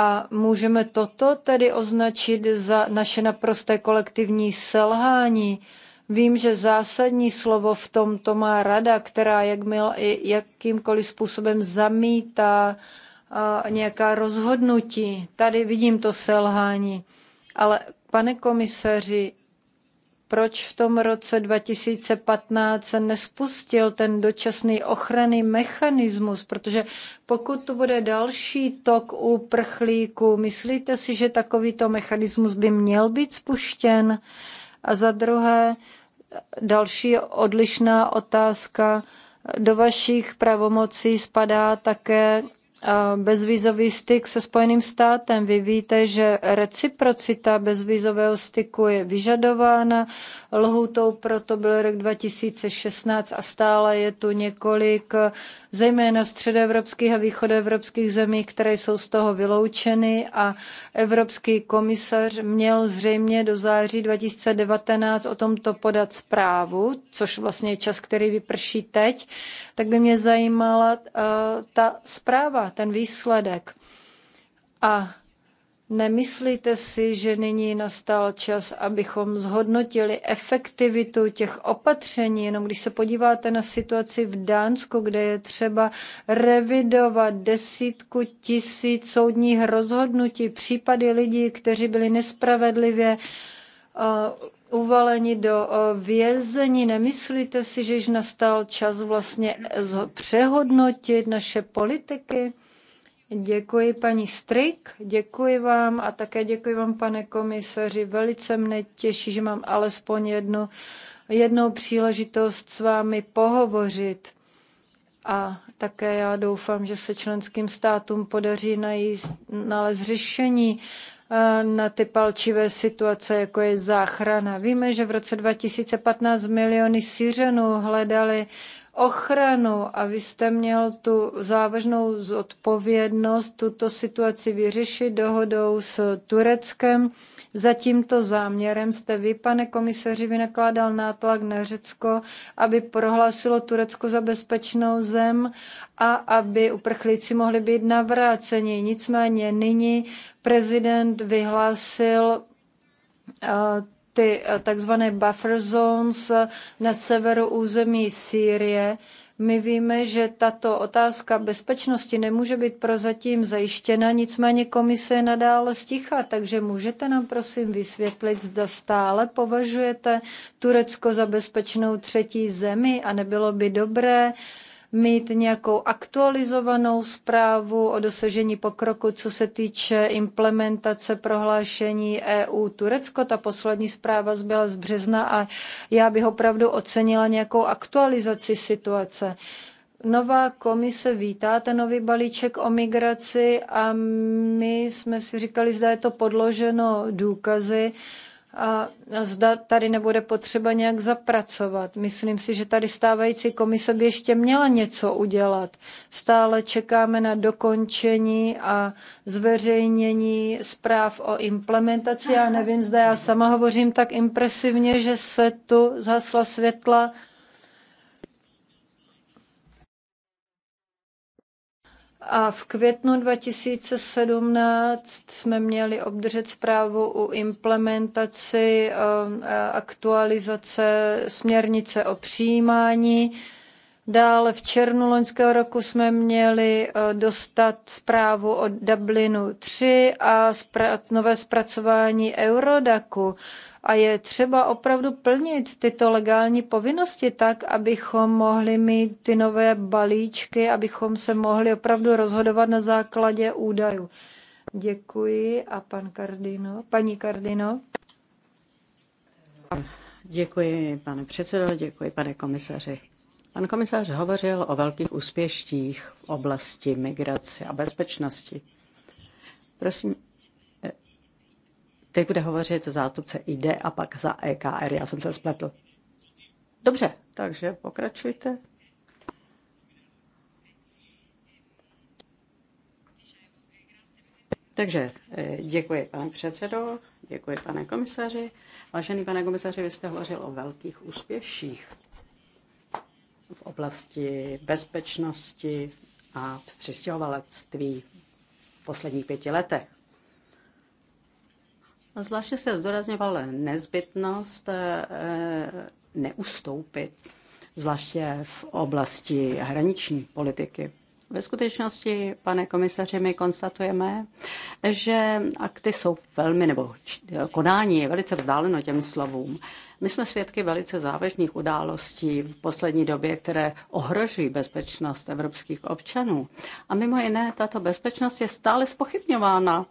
A můžeme toto tedy označit za naše naprosté kolektivní selhání. Vím, že zásadní slovo v tomto má rada, která jakmile, jakýmkoliv způsobem zamítá nějaká rozhodnutí. Tady vidím to selhání. Ale pane komisaři, proč v tom roce 2015 se nespustil ten dočasný ochranný mechanismus, protože pokud to bude další tok uprchlíků, myslíte si, že takovýto mechanismus by měl být spuštěn? A za druhé, další odlišná otázka, do vašich pravomocí spadá také bezvízový styk se Spojeným státem. Vy víte, že reciprocita bezvízového styku je vyžadována. Lhoutou proto byl rok 2016 a stále je tu několik zejména středoevropských a východoevropských zemí, které jsou z toho vyloučeny a evropský komisař měl zřejmě do září 2019 o tomto podat zprávu, což vlastně je čas, který vyprší teď, tak by mě zajímala uh, ta zpráva ten výsledek. A Nemyslíte si, že nyní nastal čas, abychom zhodnotili efektivitu těch opatření? Jenom když se podíváte na situaci v Dánsku, kde je třeba revidovat desítku tisíc soudních rozhodnutí, případy lidí, kteří byli nespravedlivě uh, uvaleni do eh, vězení. Nemyslíte si, že již nastal čas vlastně eh, přehodnotit naše politiky? Děkuji paní Strik, děkuji vám a také děkuji vám, pane komisaři. Velice mne těší, že mám alespoň jednu, jednou příležitost s vámi pohovořit. A také já doufám, že se členským státům podaří najít, nalézt řešení Eh, na ty palčivé situace, jako je záchrana. Víme, že v roce 2015 miliony Syřanů hledali ochranu a vy jste měl tu závažnou zodpovědnost tuto situaci vyřešit dohodou s Tureckem za tímto záměrem jste vy, pane komisaři, vynakládal nátlak na Řecko, aby prohlásilo Turecko za bezpečnou zem a aby uprchlíci mohli být navráceni. Nicméně nyní prezident vyhlásil eh, ty eh, takzvané buffer zones eh, na severu území Sýrie, my víme, že tato otázka bezpečnosti nemůže být prozatím zajištěna, nicméně komise je nadále sticha, takže můžete nám prosím vysvětlit, zda stále považujete Turecko za bezpečnou třetí zemi a nebylo by dobré uh, mít nějakou aktualizovanou zprávu o dosažení pokroku, co se týče implementace prohlášení EU Turecko. Ta poslední zpráva byla z března a já bych opravdu ocenila nějakou aktualizaci situace. Nová komise vítá ten nový balíček o migraci a my jsme si říkali, zda je to podloženo důkazy. Uh, a zda tady nebude potřeba nějak zapracovat. Myslím si, že tady stávající komise by ještě měla něco udělat. Stále čekáme na dokončení a zveřejnění zpráv o implementaci. Já nevím, zda já sama hovořím tak impresivně, že se tu zhasla světla A v květnu 2017 jsme měli obdržet zprávu o implementaci um, e, aktualizace směrnice o přijímání. Dále v černu loňského roku jsme měli e, dostat zprávu o Dublinu 3 a nové zpracování Eurodaku a je třeba opravdu plnit tyto legální povinnosti tak, abychom mohli mít ty nové balíčky, abychom se mohli opravdu rozhodovat na základě údajů. Děkuji a pan Kardino, paní Kardino. Děkuji, pane předsedo, děkuji, pane komisaři. Pan komisař hovořil o velkých úspěštích v oblasti migrace a bezpečnosti. Prosím, Teď bude hovořit zástupce ID a pak za EKR. Já jsem se spletl. Dobře, takže pokračujte. Takže eh, děkuji, pane předsedo, děkuji, pane komisaři. Vážený pane komisaři, vy jste hovořil o velkých úspěších v oblasti bezpečnosti a přistěhovalectví v posledních pěti letech. Zvláště se zdorazňovala nezbytnost eh, eh, neustoupit, zvláště v oblasti hraniční politiky. Ve skutečnosti, pane komisaři, my konstatujeme, že akty jsou velmi, nebo konání je velice vzdáleno těm slovům. My jsme svědky velice závažných událostí v poslední době, které ohrožují bezpečnost evropských občanů. A mimo jiné, tato bezpečnost je stále spochybňována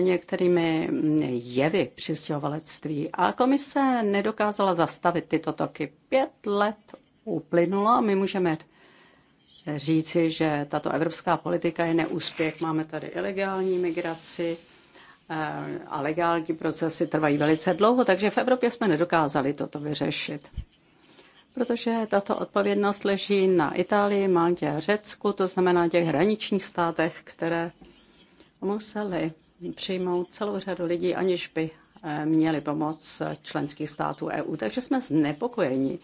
některými jevy přistěhovalectví a komise nedokázala zastavit tyto toky. Pět let uplynulo a my můžeme říci, že tato evropská politika je neúspěch. Máme tady ilegální migraci eh, a legální procesy trvají velice dlouho, takže v Evropě jsme nedokázali toto vyřešit. Protože tato odpovědnost leží na Itálii, Maltě a Řecku, to znamená těch hraničních státech, které museli přijmout celou řadu lidí, aniž by eh, měli pomoc členských států EU. Takže jsme znepokojeni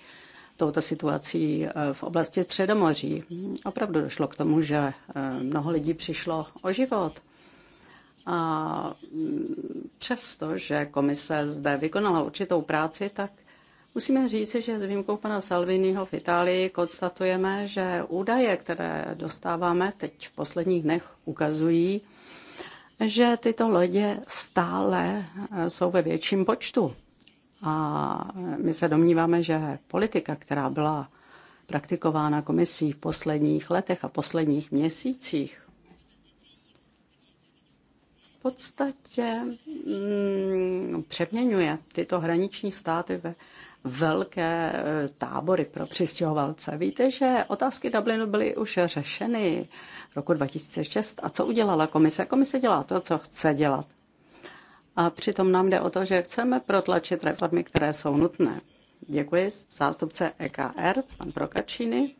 touto situací eh, v oblasti Středomoří. Opravdu došlo k tomu, že eh, mnoho lidí přišlo o život. A mm, přesto, že komise zde vykonala určitou práci, tak musíme říci, že s výjimkou pana Salviniho v Itálii konstatujeme, že údaje, které dostáváme teď v posledních dnech, ukazují, že tyto lodě stále eh, jsou ve větším počtu. A my se domníváme, že politika, která byla praktikována komisí v posledních letech a posledních měsících, v podstatě mm, přeměňuje tyto hraniční státy ve velké eh, tábory pro přistěhovalce. Víte, že otázky Dublinu byly už řešeny roku 2006. A co udělala komise? Komise dělá to, co chce dělat. A přitom nám jde o to, že chceme protlačit reformy, které jsou nutné. Děkuji. Zástupce EKR, pan Prokačíny.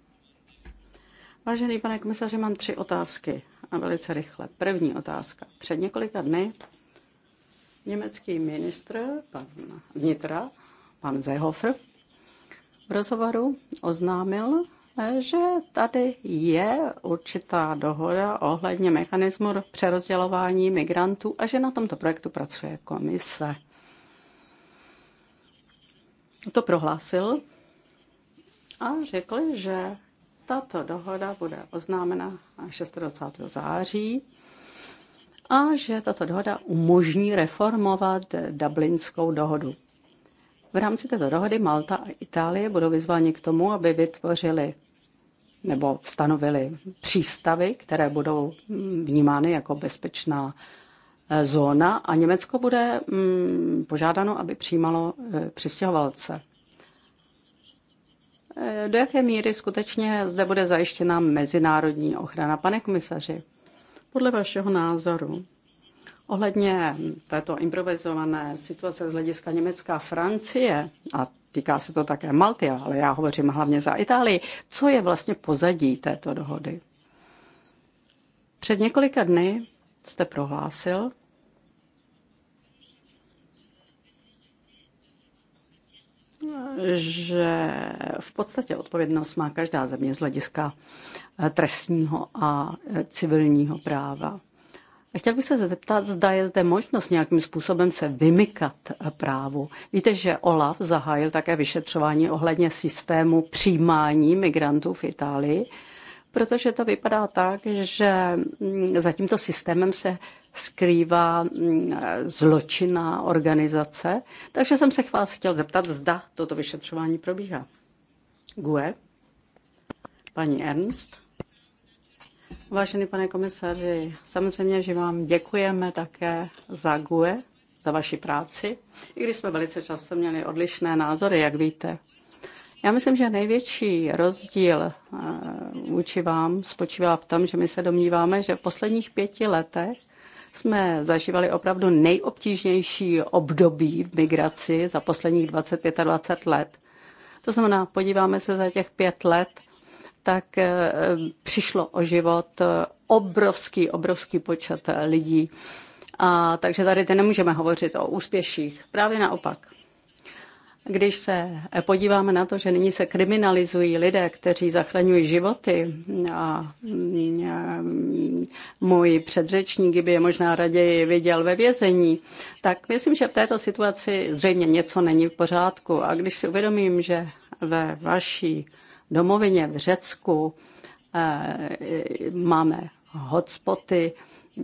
Vážený pane komisaři, mám tři otázky a velice rychle. První otázka. Před několika dny německý ministr pan vnitra, pan Zehofer, v rozhovoru oznámil, že tady je určitá dohoda ohledně mechanismu přerozdělování migrantů a že na tomto projektu pracuje komise. To prohlásil a řekl, že tato dohoda bude oznámena 26. září a že tato dohoda umožní reformovat Dublinskou dohodu. V rámci této dohody Malta a Itálie budou vyzváni k tomu, aby vytvořili nebo stanovili přístavy, které budou mm, vnímány jako bezpečná eh, zóna a Německo bude mm, požádáno, aby přijímalo eh, přistěhovalce. Eh, do jaké míry skutečně zde bude zajištěna mezinárodní ochrana? Pane komisaři, podle vašeho názoru, Ohledně této improvizované situace z hlediska Německa a Francie, a týká se to také Malty, ale já hovořím hlavně za Itálii, co je vlastně pozadí této dohody? Před několika dny jste prohlásil, že v podstatě odpovědnost má každá země z hlediska trestního a civilního práva. A chtěl bych se zeptat, zda je zde možnost nějakým způsobem se vymykat eh, právu. Víte, že OLAF zahájil také vyšetřování ohledně systému přijímání migrantů v Itálii, protože to vypadá tak, že mm, za tímto systémem se skrývá mm, zločinná organizace. Takže jsem se vás chtěl zeptat, zda toto vyšetřování probíhá. Gue? Paní Ernst? Vážený pane komisaři, samozřejmě, že vám děkujeme také za GUE, za vaši práci, i když jsme velice často měli odlišné názory, jak víte. Já myslím, že největší rozdíl eh, vůči vám spočívá v tom, že my se domníváme, že v posledních pěti letech jsme zažívali opravdu nejobtížnější období v migraci za posledních 20-25 let. To znamená, podíváme se za těch pět let tak eh, přišlo o život eh, obrovský, obrovský počet eh, lidí. A, takže tady teď nemůžeme hovořit o úspěších. Právě naopak. Když se podíváme na to, že nyní se kriminalizují lidé, kteří zachraňují životy, a mm, mm, můj předřečník by je možná raději viděl ve vězení, tak myslím, že v této situaci zřejmě něco není v pořádku. A když si uvědomím, že ve vaší domovině v Řecku. Eh, máme hotspoty,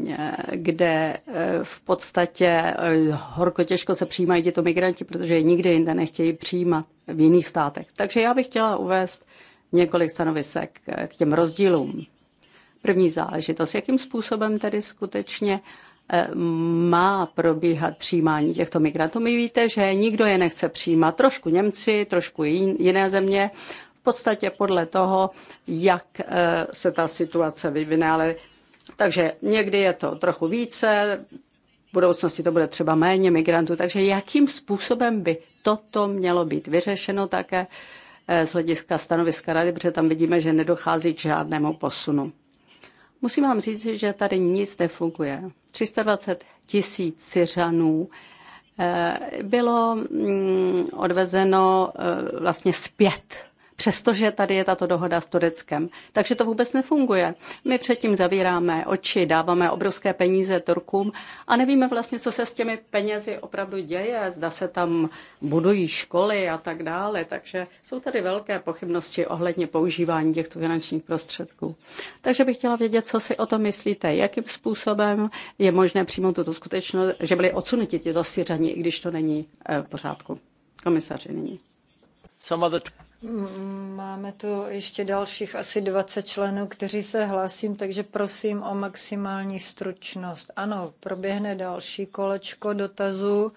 eh, kde eh, v podstatě horko těžko se přijímají tyto migranti, protože je nikdy jinde nechtějí přijímat v jiných státech. Takže já bych chtěla uvést několik stanovisek k těm rozdílům. První záležitost, jakým způsobem tedy skutečně má probíhat přijímání těchto migrantů. My víte, že nikdo je nechce přijímat. Trošku Němci, trošku jiné země, v podstatě podle toho, jak eh, se ta situace vyvine. Ale takže někdy je to trochu více, v budoucnosti to bude třeba méně migrantů. Takže jakým způsobem by toto mělo být vyřešeno také eh, z hlediska stanoviska rady, protože tam vidíme, že nedochází k žádnému posunu. Musím vám říct, že tady nic nefunguje. 320 tisíc Syřanů eh, bylo mm, odvezeno vlastně zpět přestože tady je tato dohoda s Tureckem. Takže to vůbec nefunguje. My předtím zavíráme oči, dáváme obrovské peníze Turkům a nevíme vlastně, co se s těmi penězi opravdu děje, zda se tam budují školy a tak dále. Takže jsou tady velké pochybnosti ohledně používání těchto finančních prostředků. Takže bych chtěla vědět, co si o tom myslíte, jakým způsobem je možné přijmout tuto skutečnost, že byli odsunuti tyto Syřani, i když to není eh, v pořádku. Komisaři nyní. Máme tu ještě dalších asi 20 členů, kteří se hlásím, takže prosím o maximální stručnost. Ano, proběhne další kolečko dotazů,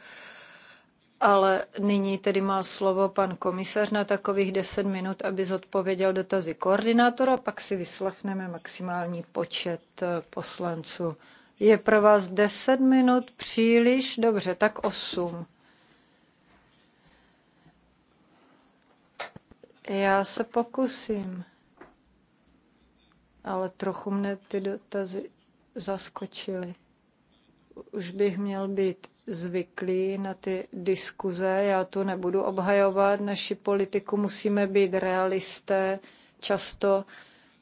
ale nyní tedy má slovo pan komisař na takových 10 minut, aby zodpověděl dotazy koordinátora, pak si vyslechneme maximální počet eh, poslanců. Je pro vás 10 minut příliš? Dobře, tak 8. Já se pokusím, ale trochu mne ty dotazy zaskočily. Už bych měl být zvyklý na ty diskuze. Já tu nebudu obhajovat naši politiku, musíme být realisté. Často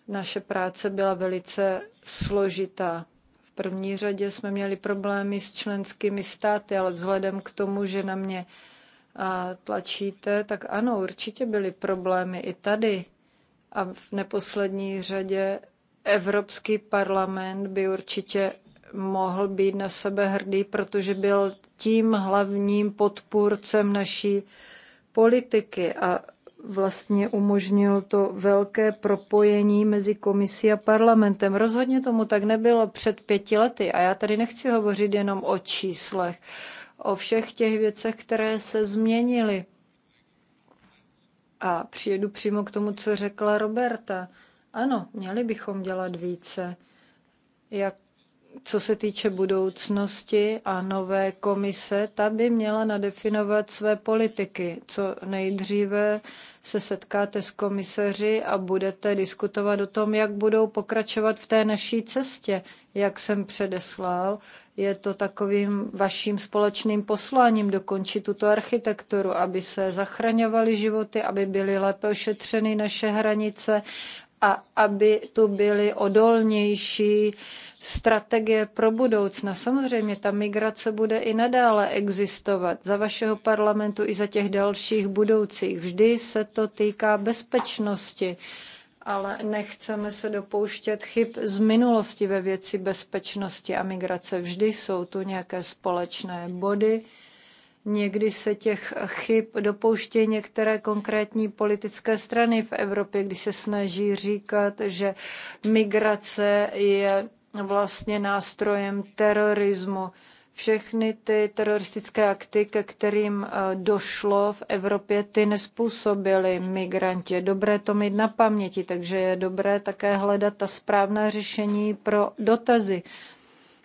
naše práce byla velice složitá. V první řadě jsme měli problémy s členskými státy, ale vzhledem k tomu, že na mě tlačíte, tak ano, určitě byly problémy i tady. A v neposlední řadě Evropský parlament by určitě mohl být na sebe hrdý, protože byl tím hlavním podpůrcem naší politiky a vlastně umožnil to velké propojení mezi komisí a parlamentem. Rozhodně tomu tak nebylo před pěti lety a já tady nechci hovořit jenom o číslech o všech těch věcech, které se změnily. A přijedu přímo k tomu, co řekla Roberta. Ano, měli bychom dělat více. Jak co se týče budoucnosti a nové komise, ta by měla nadefinovat své politiky. Co nejdříve se setkáte s komisaři a budete diskutovat o tom, jak budou pokračovat v té naší cestě. Jak jsem předeslal, je to takovým vaším společným posláním dokončit tuto architekturu, aby se zachraňovaly životy, aby byly lépe ošetřeny naše hranice, a aby tu byly odolnější strategie pro budoucna. Samozřejmě ta migrace bude i nadále existovat za vašeho parlamentu i za těch dalších budoucích. Vždy se to týká bezpečnosti, ale nechceme se dopouštět chyb z minulosti ve věci bezpečnosti a migrace. Vždy jsou tu nějaké společné body Někdy se těch chyb dopouštějí některé konkrétní politické strany v Evropě, když se snaží říkat, že migrace je vlastně nástrojem terorismu. Všechny ty teroristické akty, ke kterým eh, došlo v Evropě, ty nespůsobili migranti. dobré to mít na paměti, takže je dobré také hledat ta správná řešení pro dotazy.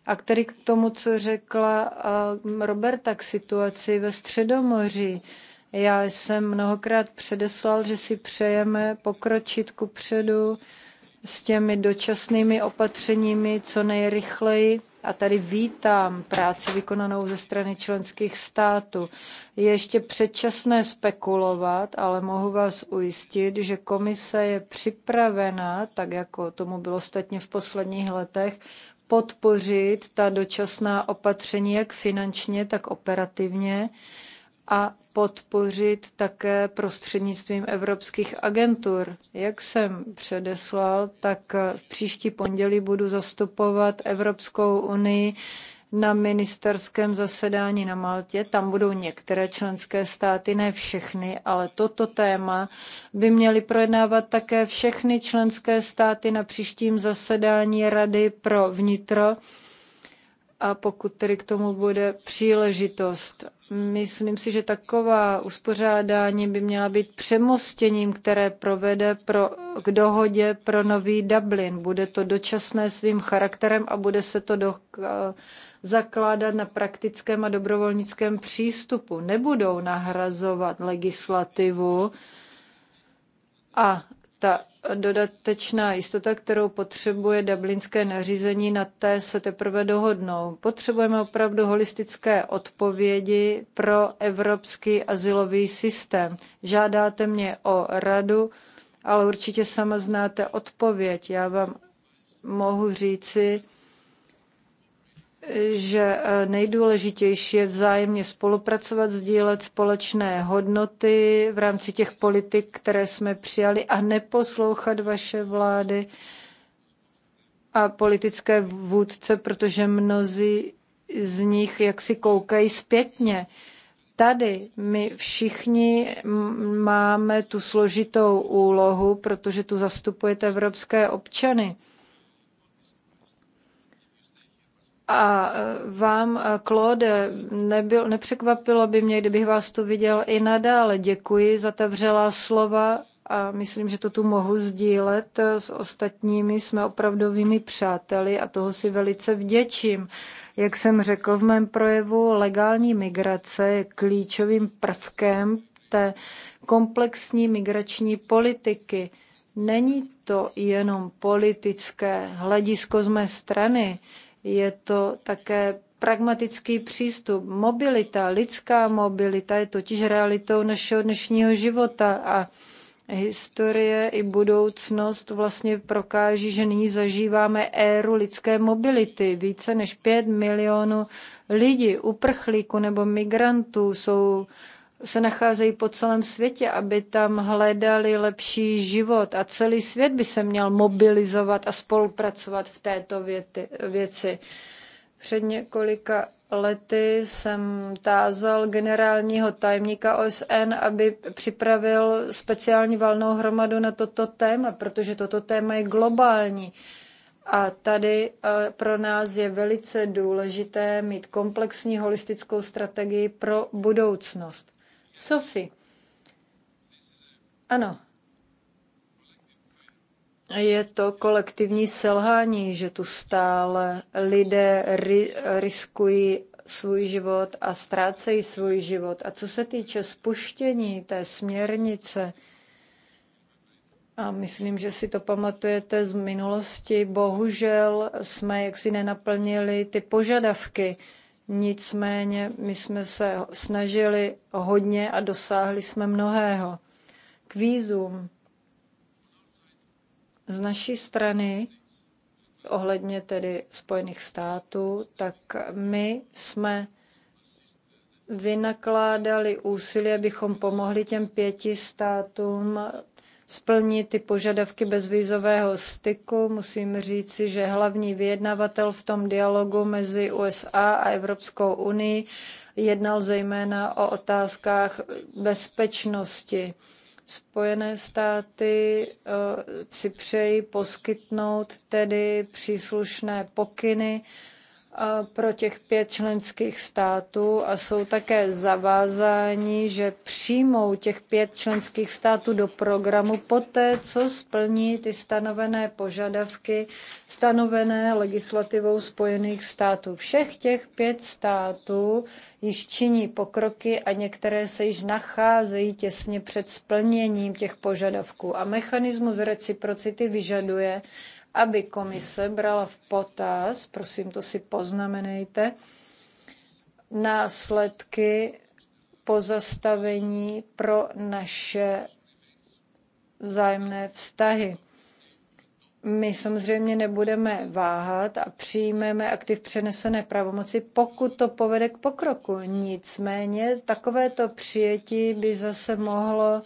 A který k tomu, co řekla eh, Roberta k situaci ve Středomoří, já jsem mnohokrát předeslal, že si přejeme pokročit ku předu s těmi dočasnými opatřeními co nejrychleji. A tady vítám práci vykonanou ze strany členských států. Je ještě předčasné spekulovat, ale mohu vás ujistit, že komise je připravena, tak jako tomu bylo ostatně v posledních letech, podpořit ta dočasná opatření jak finančně, tak operativně a podpořit také prostřednictvím evropských agentur. Jak jsem předeslal, tak v příští pondělí budu zastupovat Evropskou unii na ministerském zasedání na Maltě. Tam budou některé členské státy, ne všechny, ale toto téma by měly projednávat také všechny členské státy na příštím zasedání Rady pro vnitro. A pokud tedy k tomu bude příležitost, myslím si, že taková uspořádání by měla být přemostěním, které provede pro, k dohodě pro nový Dublin. Bude to dočasné svým charakterem a bude se to do, zakládat na praktickém a dobrovolnickém přístupu. Nebudou nahrazovat legislativu a ta dodatečná jistota, kterou potřebuje dublinské nařízení, na té se teprve dohodnou. Potřebujeme opravdu holistické odpovědi pro evropský asilový systém. Žádáte mě o radu, ale určitě sama znáte odpověď. Já vám mohu říci, že eh, nejdůležitější je vzájemně spolupracovat, sdílet společné hodnoty v rámci těch politik, které jsme přijali a neposlouchat vaše vlády a politické vůdce, protože mnozí z nich jaksi koukají zpětně. Tady my všichni máme tu složitou úlohu, protože tu zastupujete evropské občany A e, vám, e, Claude, nebyl, nepřekvapilo by mě, kdybych vás tu viděl i nadále. Děkuji za ta vřelá slova a myslím, že to tu mohu sdílet e, s ostatními. Jsme opravdovými přáteli a toho si velice vděčím. Jak jsem řekl v mém projevu, legální migrace je klíčovým prvkem té komplexní migrační politiky. Není to jenom politické hledisko z mé strany je to také pragmatický přístup. Mobilita, lidská mobilita je totiž realitou našeho dnešního života a historie i budoucnost vlastně prokáží, že nyní zažíváme éru lidské mobility. Více než 5 milionů lidí, uprchlíků nebo migrantů jsou se nacházejí po celém světě, aby tam hledali lepší život a celý svět by se měl mobilizovat a spolupracovat v této věty, věci. Před několika lety jsem tázal generálního tajemníka OSN, aby připravil speciální valnou hromadu na toto téma, protože toto téma je globální. A tady eh, pro nás je velice důležité mít komplexní holistickou strategii pro budoucnost. Sofy. Ano. Je to kolektivní selhání, že tu stále lidé ry- riskují svůj život a ztrácejí svůj život. A co se týče spuštění té směrnice, a myslím, že si to pamatujete z minulosti, bohužel jsme jaksi nenaplnili ty požadavky Nicméně my jsme se snažili hodně a dosáhli jsme mnohého. K vízum. z naší strany ohledně tedy Spojených států, tak my jsme vynakládali úsilí, abychom pomohli těm pěti státům splní ty požadavky bezvízového styku. Musím říci, že hlavní vyjednavatel v tom dialogu mezi USA a Evropskou unii jednal zejména o otázkách bezpečnosti. Spojené státy eh, si přejí poskytnout tedy příslušné pokyny pro těch pět členských států a jsou také zavázáni, že přijmou těch pět členských států do programu poté, co splní ty stanovené požadavky stanovené legislativou Spojených států. Všech těch pět států již činí pokroky a některé se již nacházejí těsně před splněním těch požadavků. A mechanismus reciprocity vyžaduje, aby komise brala v potaz, prosím, to si poznamenejte, následky pozastavení pro naše vzájemné vztahy. My samozřejmě nebudeme váhat a přijmeme aktiv přenesené pravomoci, pokud to povede k pokroku. Nicméně takovéto přijetí by zase mohlo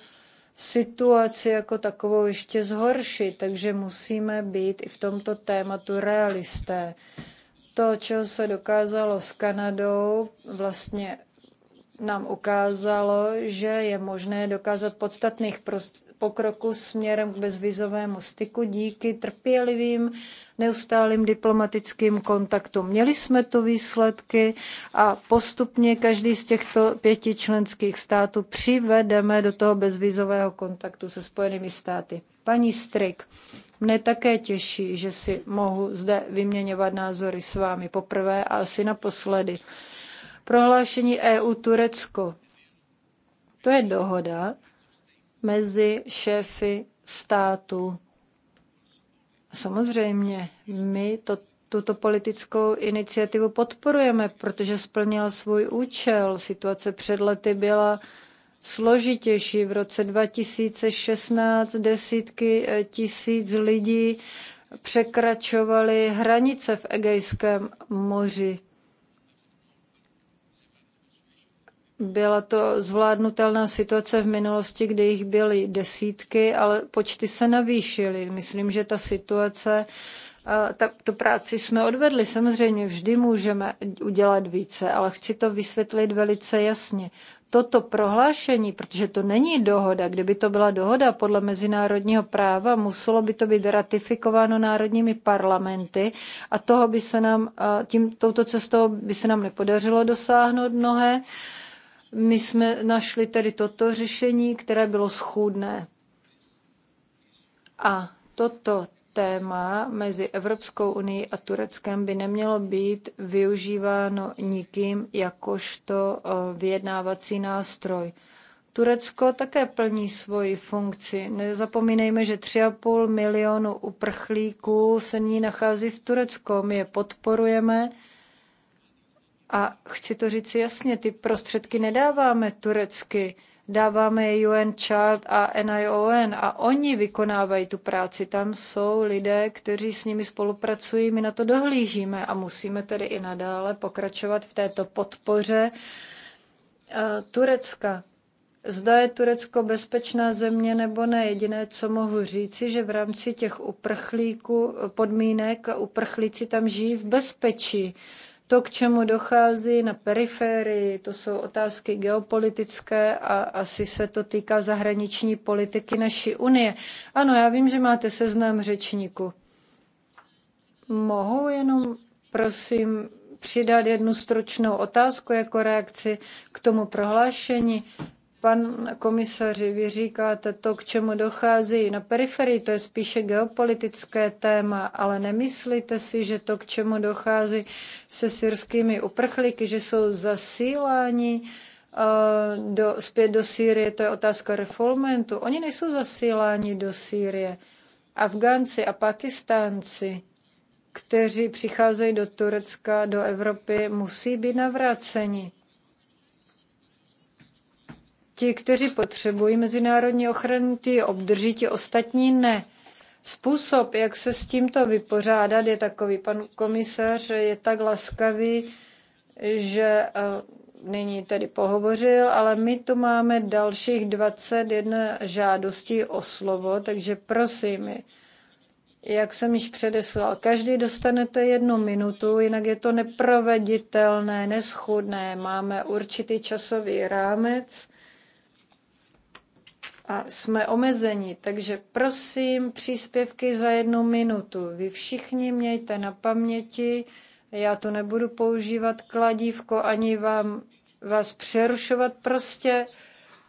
situaci jako takovou ještě zhoršit, takže musíme být i v tomto tématu realisté. To, co se dokázalo s Kanadou, vlastně nám ukázalo, že je možné dokázat podstatných pokroku směrem k bezvizovému styku díky trpělivým neustálým diplomatickým kontaktům. Měli jsme tu výsledky a postupně každý z těchto pěti členských států přivedeme do toho bezvizového kontaktu se Spojenými státy. Paní Strik, mne také těší, že si mohu zde vyměňovat názory s vámi poprvé a asi naposledy. Prohlášení EU Turecko. To je dohoda, mezi šéfy státu. Samozřejmě, my to, tuto politickou iniciativu podporujeme, protože splnila svůj účel. Situace před lety byla složitější. V roce 2016 desítky eh, tisíc lidí překračovaly hranice v Egejském moři. Byla to zvládnutelná situace v minulosti, kdy jich byly desítky, ale počty se navýšily. Myslím, že ta situace, ta, tu práci jsme odvedli. Samozřejmě vždy můžeme udělat více, ale chci to vysvětlit velice jasně toto prohlášení, protože to není dohoda, kdyby to byla dohoda podle mezinárodního práva, muselo by to být ratifikováno národními parlamenty a toho by se nám, tím, touto cestou by se nám nepodařilo dosáhnout mnohé. My jsme našli tedy toto řešení, které bylo schůdné. A toto téma mezi Evropskou unii a Tureckem by nemělo být využíváno nikým jakožto vyjednávací nástroj. Turecko také plní svoji funkci. Nezapomínejme, že 3,5 milionu uprchlíků se ní nachází v Turecku. My je podporujeme a chci to říct jasně, ty prostředky nedáváme turecky, dáváme je UN Child a NION a oni vykonávají tu práci. Tam jsou lidé, kteří s nimi spolupracují, my na to dohlížíme a musíme tedy i nadále pokračovat v této podpoře eh, Turecka. Zda je Turecko bezpečná země nebo ne, jediné, co mohu říci, že v rámci těch uprchlíků, podmínek uprchlíci tam žijí v bezpečí. To, k čemu dochází na periférii, to jsou otázky geopolitické a asi se to týká zahraniční politiky naší unie. Ano, já vím, že máte seznam řečníků. Mohu jenom, prosím, přidat jednu stručnou otázku jako reakci k tomu prohlášení. Pan komisaři, vy říkáte to, k čemu dochází na periferii, to je spíše geopolitické téma, ale nemyslíte si, že to, k čemu dochází se syrskými uprchlíky, že jsou zasíláni uh, do, zpět do Sýrie, to je otázka reformentu. Oni nejsou zasíláni do Sýrie. Afgánci a Pakistánci, kteří přicházejí do Turecka, do Evropy, musí být navráceni ti, kteří potřebují mezinárodní ochranu, ti ji obdrží, ti ostatní ne. Způsob, jak se s tímto vypořádat, je takový. Pan komisař je tak laskavý, že eh, nyní tedy pohovořil, ale my tu máme dalších 21 žádostí o slovo, takže prosím, jak jsem již předeslal, každý dostanete jednu minutu, jinak je to neproveditelné, neschudné. Máme určitý časový rámec a jsme omezeni, takže prosím příspěvky za jednu minutu. Vy všichni mějte na paměti, já to nebudu používat kladívko ani vám vás přerušovat, prostě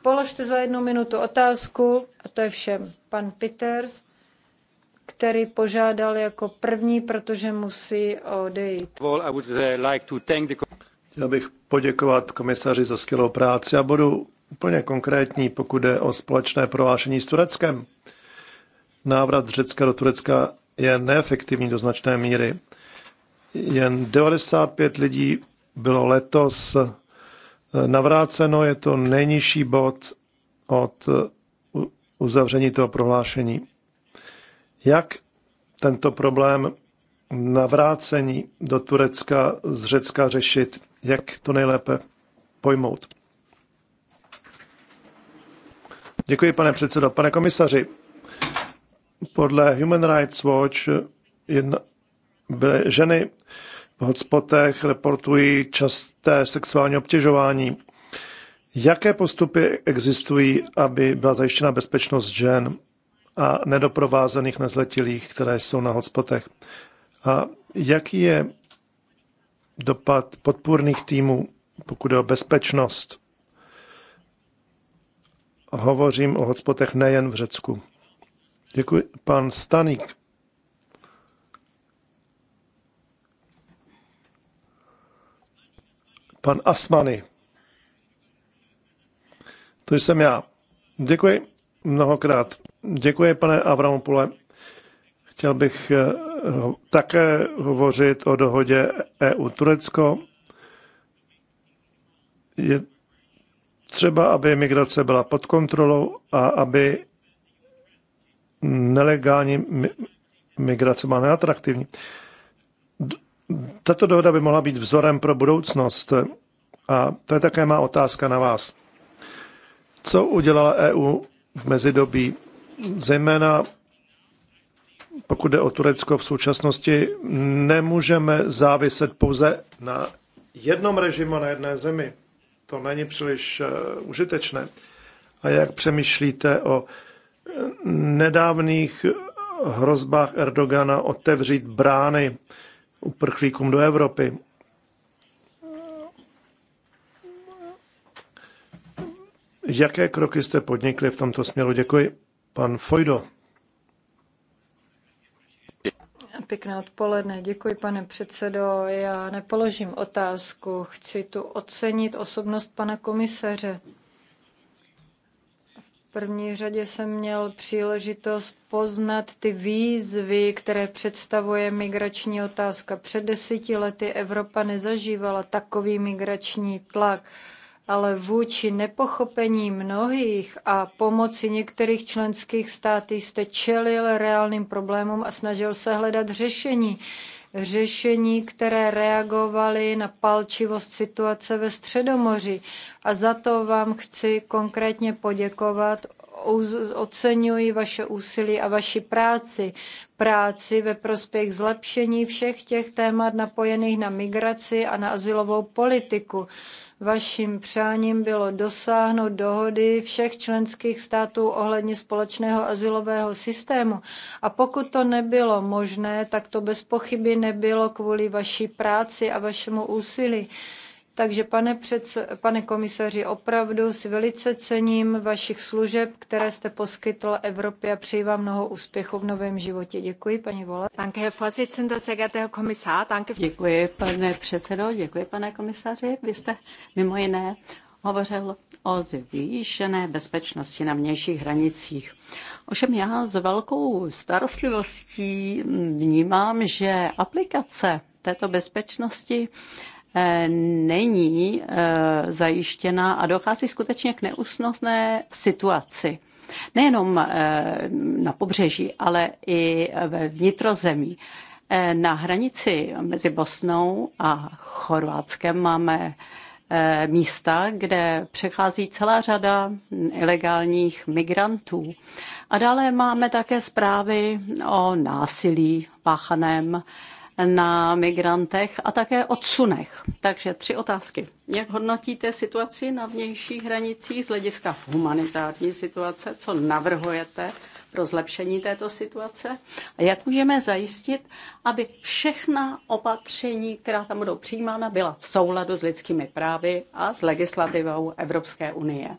položte za jednu minutu otázku a to je všem. Pan Peters, který požádal jako první, protože musí odejít. Já uh, bych poděkovat komisaři za skvělou práci a budu úplně konkrétní, pokud je o společné prohlášení s Tureckem. Návrat z Řecka do Turecka je neefektivní do značné míry. Jen 95 lidí bylo letos navráceno, je to nejnižší bod od uzavření toho prohlášení. Jak tento problém navrácení do Turecka z Řecka řešit? Jak to nejlépe pojmout? Děkuji, pane předsedo. Pane komisaři, podle Human Rights Watch jedna, byly ženy v hotspotech reportují časté sexuální obtěžování. Jaké postupy existují, aby byla zajištěna bezpečnost žen a nedoprovázených nezletilých, které jsou na hotspotech? A jaký je dopad podpůrných týmů, pokud je o bezpečnost hovořím o hotspotech nejen v Řecku. Děkuji. Pan Stanik, Pan Asmany. To jsem já. Děkuji mnohokrát. Děkuji, pane Avramopule. Chtěl bych eh, také hovořit o dohodě EU-Turecko. Je třeba, aby migrace byla pod kontrolou a aby nelegální migrace byla neatraktivní. Tato dohoda by mohla být vzorem pro budoucnost. A to je také má otázka na vás. Co udělala EU v mezidobí, zejména pokud jde o Turecko v současnosti, nemůžeme záviset pouze na jednom režimu, na jedné zemi to není příliš eh, užitečné. A jak přemýšlíte o nedávných hrozbách Erdogana otevřít brány uprchlíkům do Evropy? Jaké kroky jste podnikli v tomto směru? Děkuji. Pan Fojdo. Pěkné odpoledne. Děkuji, pane předsedo. Já nepoložím otázku. Chci tu ocenit osobnost pana komisaře. V první řadě jsem měl příležitost poznat ty výzvy, které představuje migrační otázka. Před deseti lety Evropa nezažívala takový migrační tlak ale vůči nepochopení mnohých a pomoci některých členských států jste čelil reálným problémům a snažil se hledat řešení. Řešení, které reagovaly na palčivost situace ve Středomoři. A za to vám chci konkrétně poděkovat oceňuji vaše úsilí a vaši práci. Práci ve prospěch zlepšení všech těch témat napojených na migraci a na asilovou politiku. Vaším přáním bylo dosáhnout dohody všech členských států ohledně společného asilového systému. A pokud to nebylo možné, tak to bez pochyby nebylo kvůli vaší práci a vašemu úsilí. Takže pane, před, pane komisaři, opravdu si velice cením vašich služeb, které jste poskytl Evropě a přeji vám mnoho úspěchů v novém životě. Děkuji, paní Vole. Děkuji, pane předsedo, děkuji, pane komisaři. Vy jste mimo jiné hovořil o zvýšené bezpečnosti na vnějších hranicích. Ovšem já s velkou starostlivostí vnímám, že aplikace této bezpečnosti Eh, není eh, zajištěna a dochází skutečně k neusnostné situaci. Nejenom eh, na pobřeží, ale i ve vnitrozemí. Na hranici mezi Bosnou a Chorvátskem máme místa, kde přechází celá řada hm, ilegálních migrantů. A dále máme také zprávy o násilí páchaném na migrantech a také odsunech. Takže tři otázky. Jak hodnotíte situaci na vnějších hranicích z hlediska humanitární situace? Co navrhujete pro zlepšení této situace? A jak můžeme zajistit, aby všechna opatření, která tam budou přijímána, byla v souladu s lidskými právy a s legislativou Evropské unie?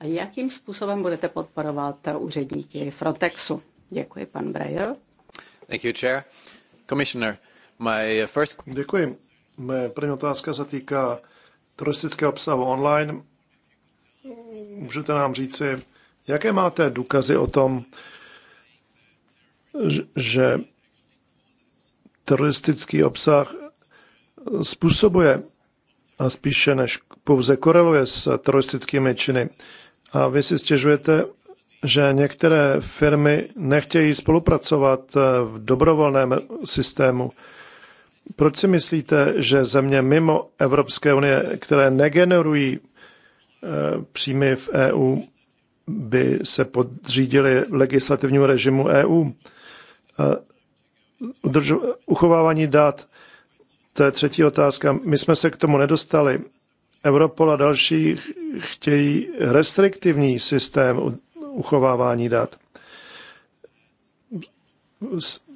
A jakým způsobem budete podporovat úředníky Frontexu? Děkuji, pan Breyer. Thank you, Chair. Commissioner, Uh, Děkuji. Moje první otázka se týká turistického obsahu online. Můžete nám říci, jaké máte důkazy o tom, že teroristický obsah způsobuje a spíše než pouze koreluje s teroristickými činy. A vy si stěžujete, že některé firmy nechtějí spolupracovat eh, v dobrovolném systému. Proč si myslíte, že země mimo Evropské unie, které negenerují eh, příjmy v EU, by se podřídily legislativnímu režimu EU? Eh, uchovávání dat, to je třetí otázka. My jsme se k tomu nedostali. Europol a další chtějí restriktivní systém uchovávání dat.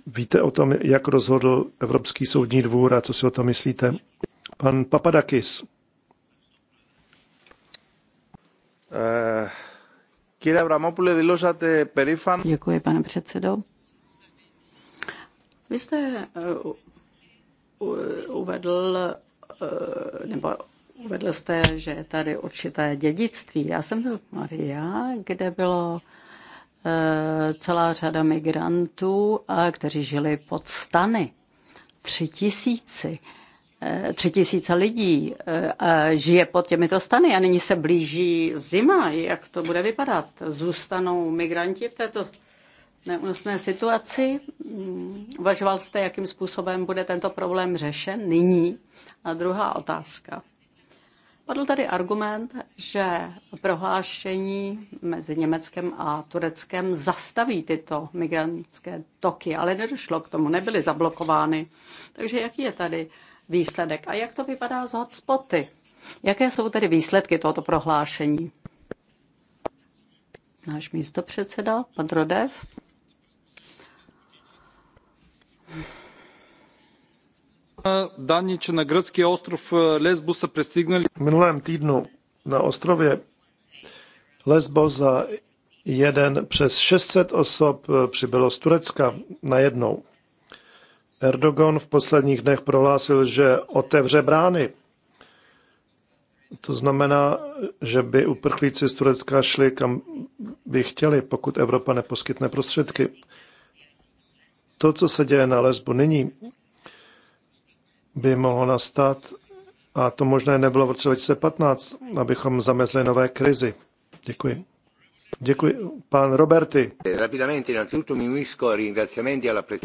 Víte o tom, jak rozhodl Evropský soudní dvůr a co si o tom myslíte? Pan Papadakis. Eh, Děkuji, pane předsedo. Vy jste eh, uvedl, eh, nebo uvedl jste, že je tady určité dědictví. Já jsem byl v Maria, kde bylo Eh, celá řada migrantů, eh, kteří žili pod stany. Tři tisíci eh, tři tisíce lidí žije pod těmito stany a nyní se blíží zima. Jak to bude vypadat? Zůstanou migranti v této neúnosné situaci? Hmm, uvažoval jste, jakým způsobem bude tento problém řešen nyní? A druhá otázka. Padl tady argument, že prohlášení mezi Německem a Tureckem zastaví tyto migrantské toky, ale nedošlo k tomu, nebyly zablokovány. Takže jaký je tady výsledek a jak to vypadá z hotspoty? Jaké jsou tedy výsledky tohoto prohlášení? Náš místo předseda, pan Rodev na ostrov Lesbos se V minulém týdnu na ostrově Lesbos za jeden přes 600 osob e, přibylo z Turecka najednou. Erdogan v posledních dnech prohlásil, že otevře brány. To znamená, že by uprchlíci z Turecka šli kam by chtěli, pokud Evropa neposkytne prostředky. To, co se děje na lesbu nyní, by mohlo nastat, a to možné nebylo v roce 2015, abychom zamezli nové krizi. Děkuji. Děkuji. Pan Roberty.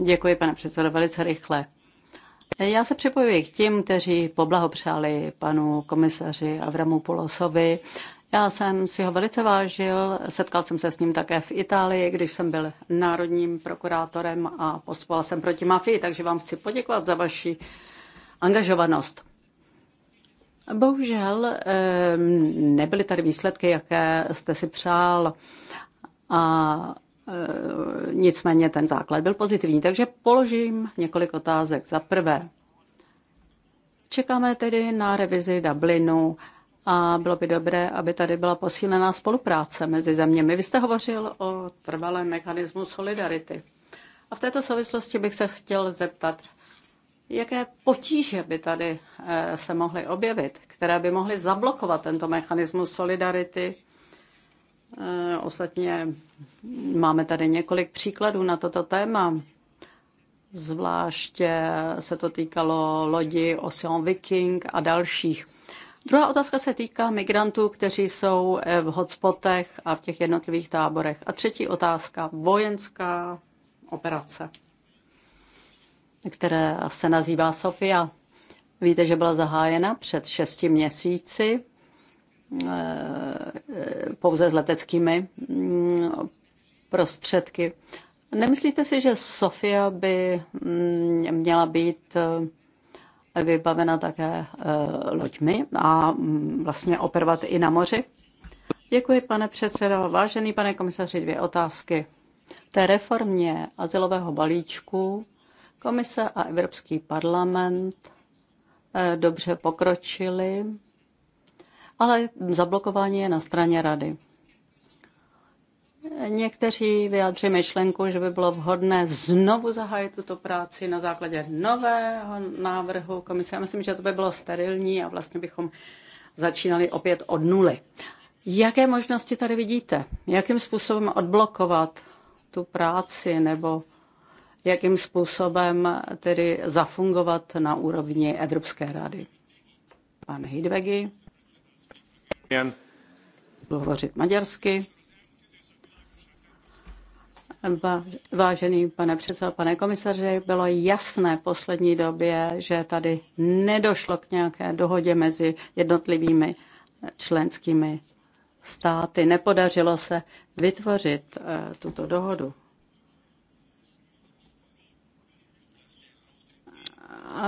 Děkuji, pane předsedo, velice rychle. Já se připojuji k těm, kteří poblahopřáli panu komisaři Avramu Polosovi. Já jsem si ho velice vážil, setkal jsem se s ním také v Itálii, když jsem byl národním prokurátorem a postupoval jsem proti mafii, takže vám chci poděkovat za vaši angažovanost. Bohužel ehm, nebyly tady výsledky, jaké jste si přál. A ehm, nicméně ten základ byl pozitivní. Takže položím několik otázek. Za prvé, čekáme tedy na revizi Dublinu a bylo by dobré, aby tady byla posílená spolupráce mezi zeměmi. Vy jste hovořil o trvalém mechanismu solidarity. A v této souvislosti bych se chtěl zeptat, jaké potíže by tady eh, se mohly objevit, které by mohly zablokovat tento mechanismus solidarity. Eh, ostatně máme tady několik příkladů na toto téma. Zvláště se to týkalo lodi Ocean Viking a dalších. Druhá otázka se týká migrantů, kteří jsou eh, v hotspotech a v těch jednotlivých táborech. A třetí otázka, vojenská operace které se nazývá Sofia. Víte, že byla zahájena před šesti měsíci eh, eh, pouze s leteckými mm, prostředky. Nemyslíte si, že Sofia by mm, měla být eh, vybavena také loďmi a mm, vlastně operovat i na moři? Děkuji, pane předsedo. Vážený pane komisaři, dvě otázky. té reformě asilového balíčku Komise a Evropský parlament eh, dobře pokročili, ale zablokování je na straně rady. Někteří vyjádří myšlenku, že by bylo vhodné znovu zahájit tuto práci na základě nového návrhu komise. Já myslím, že to by bylo sterilní a vlastně bychom začínali opět od nuly. Jaké možnosti tady vidíte? Jakým způsobem odblokovat tu práci nebo jakým způsobem tedy zafungovat na úrovni Evropské rady. Pan Hidvegi. Jan. Budu hovořit maďarsky. Vážený pane předsedo, pane komisaři, bylo jasné v poslední době, že tady nedošlo k nějaké dohodě mezi jednotlivými členskými státy. Nepodařilo se vytvořit eh, tuto dohodu.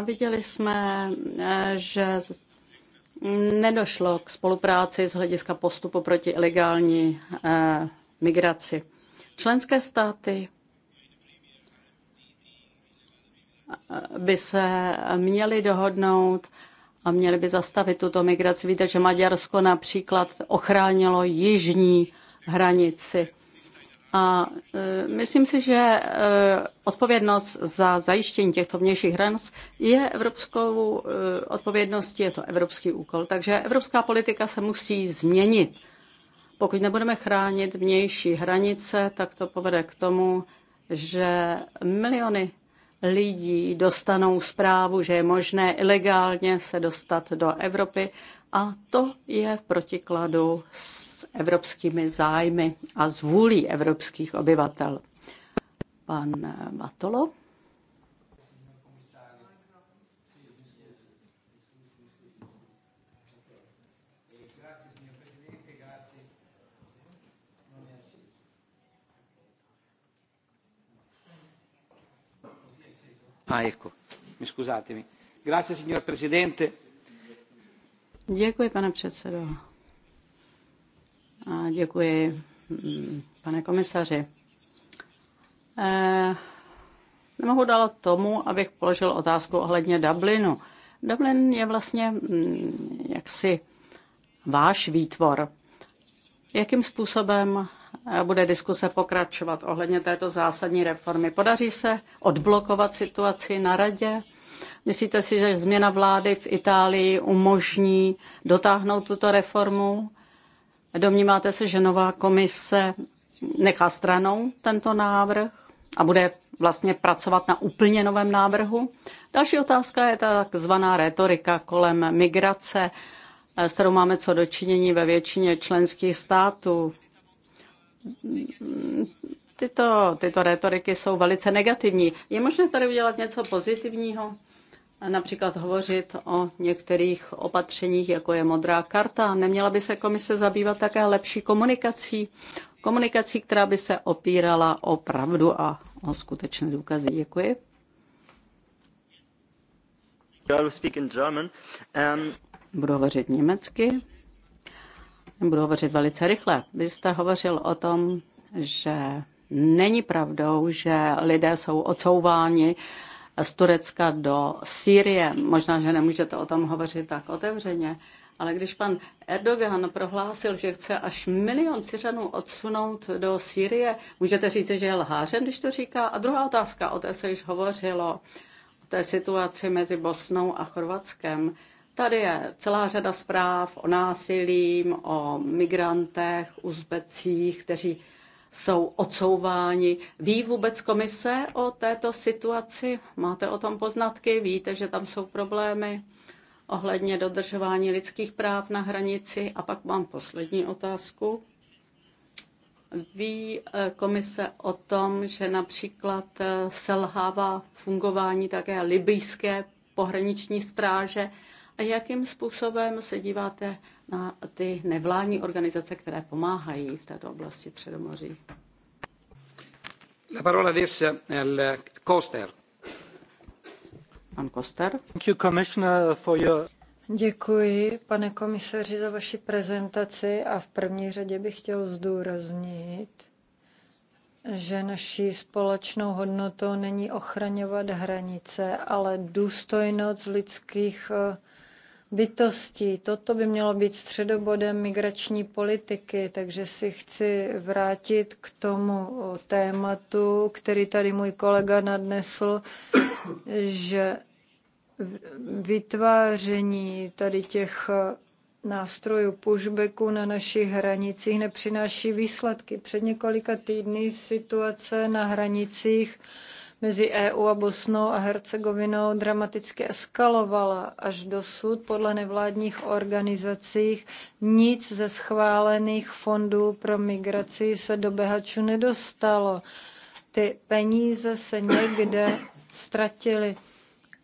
viděli jsme, eh, že nedošlo k spolupráci z hlediska postupu proti ilegální eh, migraci. Členské státy eh, by se měly dohodnout a měly by zastavit tuto migraci. Víte, že Maďarsko například ochránilo jižní hranici. A e, myslím si, že e, odpovědnost za zajištění těchto vnějších hranic je evropskou e, odpovědností, je to evropský úkol. Takže evropská politika se musí změnit. Pokud nebudeme chránit vnější hranice, tak to povede k tomu, že miliony lidí dostanou zprávu, že je možné ilegálně se dostat do Evropy a to je v protikladu s evropskými zájmy a z vůlí evropských obyvatel. Pan Matolo. Ah, ecco. Scusatemi. Grazie, signor Presidente. Děkuji, pane předsedo. A děkuji, mm, pane komisaři. Eh, nemohu dala tomu, abych položil otázku ohledně Dublinu. Dublin je vlastně mm, jaksi váš výtvor. Jakým způsobem eh, bude diskuse pokračovat ohledně této zásadní reformy? Podaří se odblokovat situaci na radě? Myslíte si, že změna vlády v Itálii umožní dotáhnout tuto reformu? Domníváte se, že nová komise nechá stranou tento návrh a bude vlastně pracovat na úplně novém návrhu? Další otázka je ta takzvaná retorika kolem migrace, eh, s kterou máme co dočinění ve většině členských států. Tyto, tyto retoriky jsou velice negativní. Je možné tady udělat něco pozitivního? například hovořit o některých opatřeních, jako je modrá karta. Neměla by se komise zabývat také lepší komunikací, komunikací, která by se opírala o pravdu a o skutečné důkazy. Děkuji. Um, Budu hovořit německy. Budu hovořit velice rychle. Vy jste hovořil o tom, že není pravdou, že lidé jsou odsouváni uh, z Turecka do Sýrie. Možná, že nemůžete o tom hovořit tak otevřeně, ale když pan Erdogan prohlásil, že chce až milion Syřanů odsunout do Sýrie, můžete říct, že je lhářem, když to říká? A druhá otázka, o té se již hovořilo, o té situaci mezi Bosnou a Chorvatskem. Tady je celá řada zpráv o násilím, o migrantech, uzbecích, kteří jsou odsouváni. Ví vůbec komise o této situaci? Máte o tom poznatky? Víte, že tam jsou problémy ohledně dodržování lidských práv na hranici? A pak mám poslední otázku. Ví eh, komise o tom, že například eh, selhává fungování také libijské pohraniční stráže? A jakým způsobem se díváte na ty nevládní organizace, které pomáhají v této oblasti Středomoří? La parola adesso al Koster. Pan Koster. Thank you, Commissioner, for your... Děkuji, pane komisaři, za vaši prezentaci a v první řadě bych chtěl zdůraznit, že naší společnou hodnotou není ochraňovat hranice, ale důstojnost lidských uh, bytostí. Toto by mělo být středobodem migrační politiky, takže si chci vrátit k tomu eh, tématu, který tady můj kolega nadnesl, že vytváření tady těch eh, nástrojů pushbacku na našich hranicích nepřináší výsledky. Před několika týdny situace na hranicích mezi EU a Bosnou a Hercegovinou dramaticky eskalovala. Až dosud podle nevládních organizací nic ze schválených fondů pro migraci se do Behaču nedostalo. Ty peníze se někde ztratily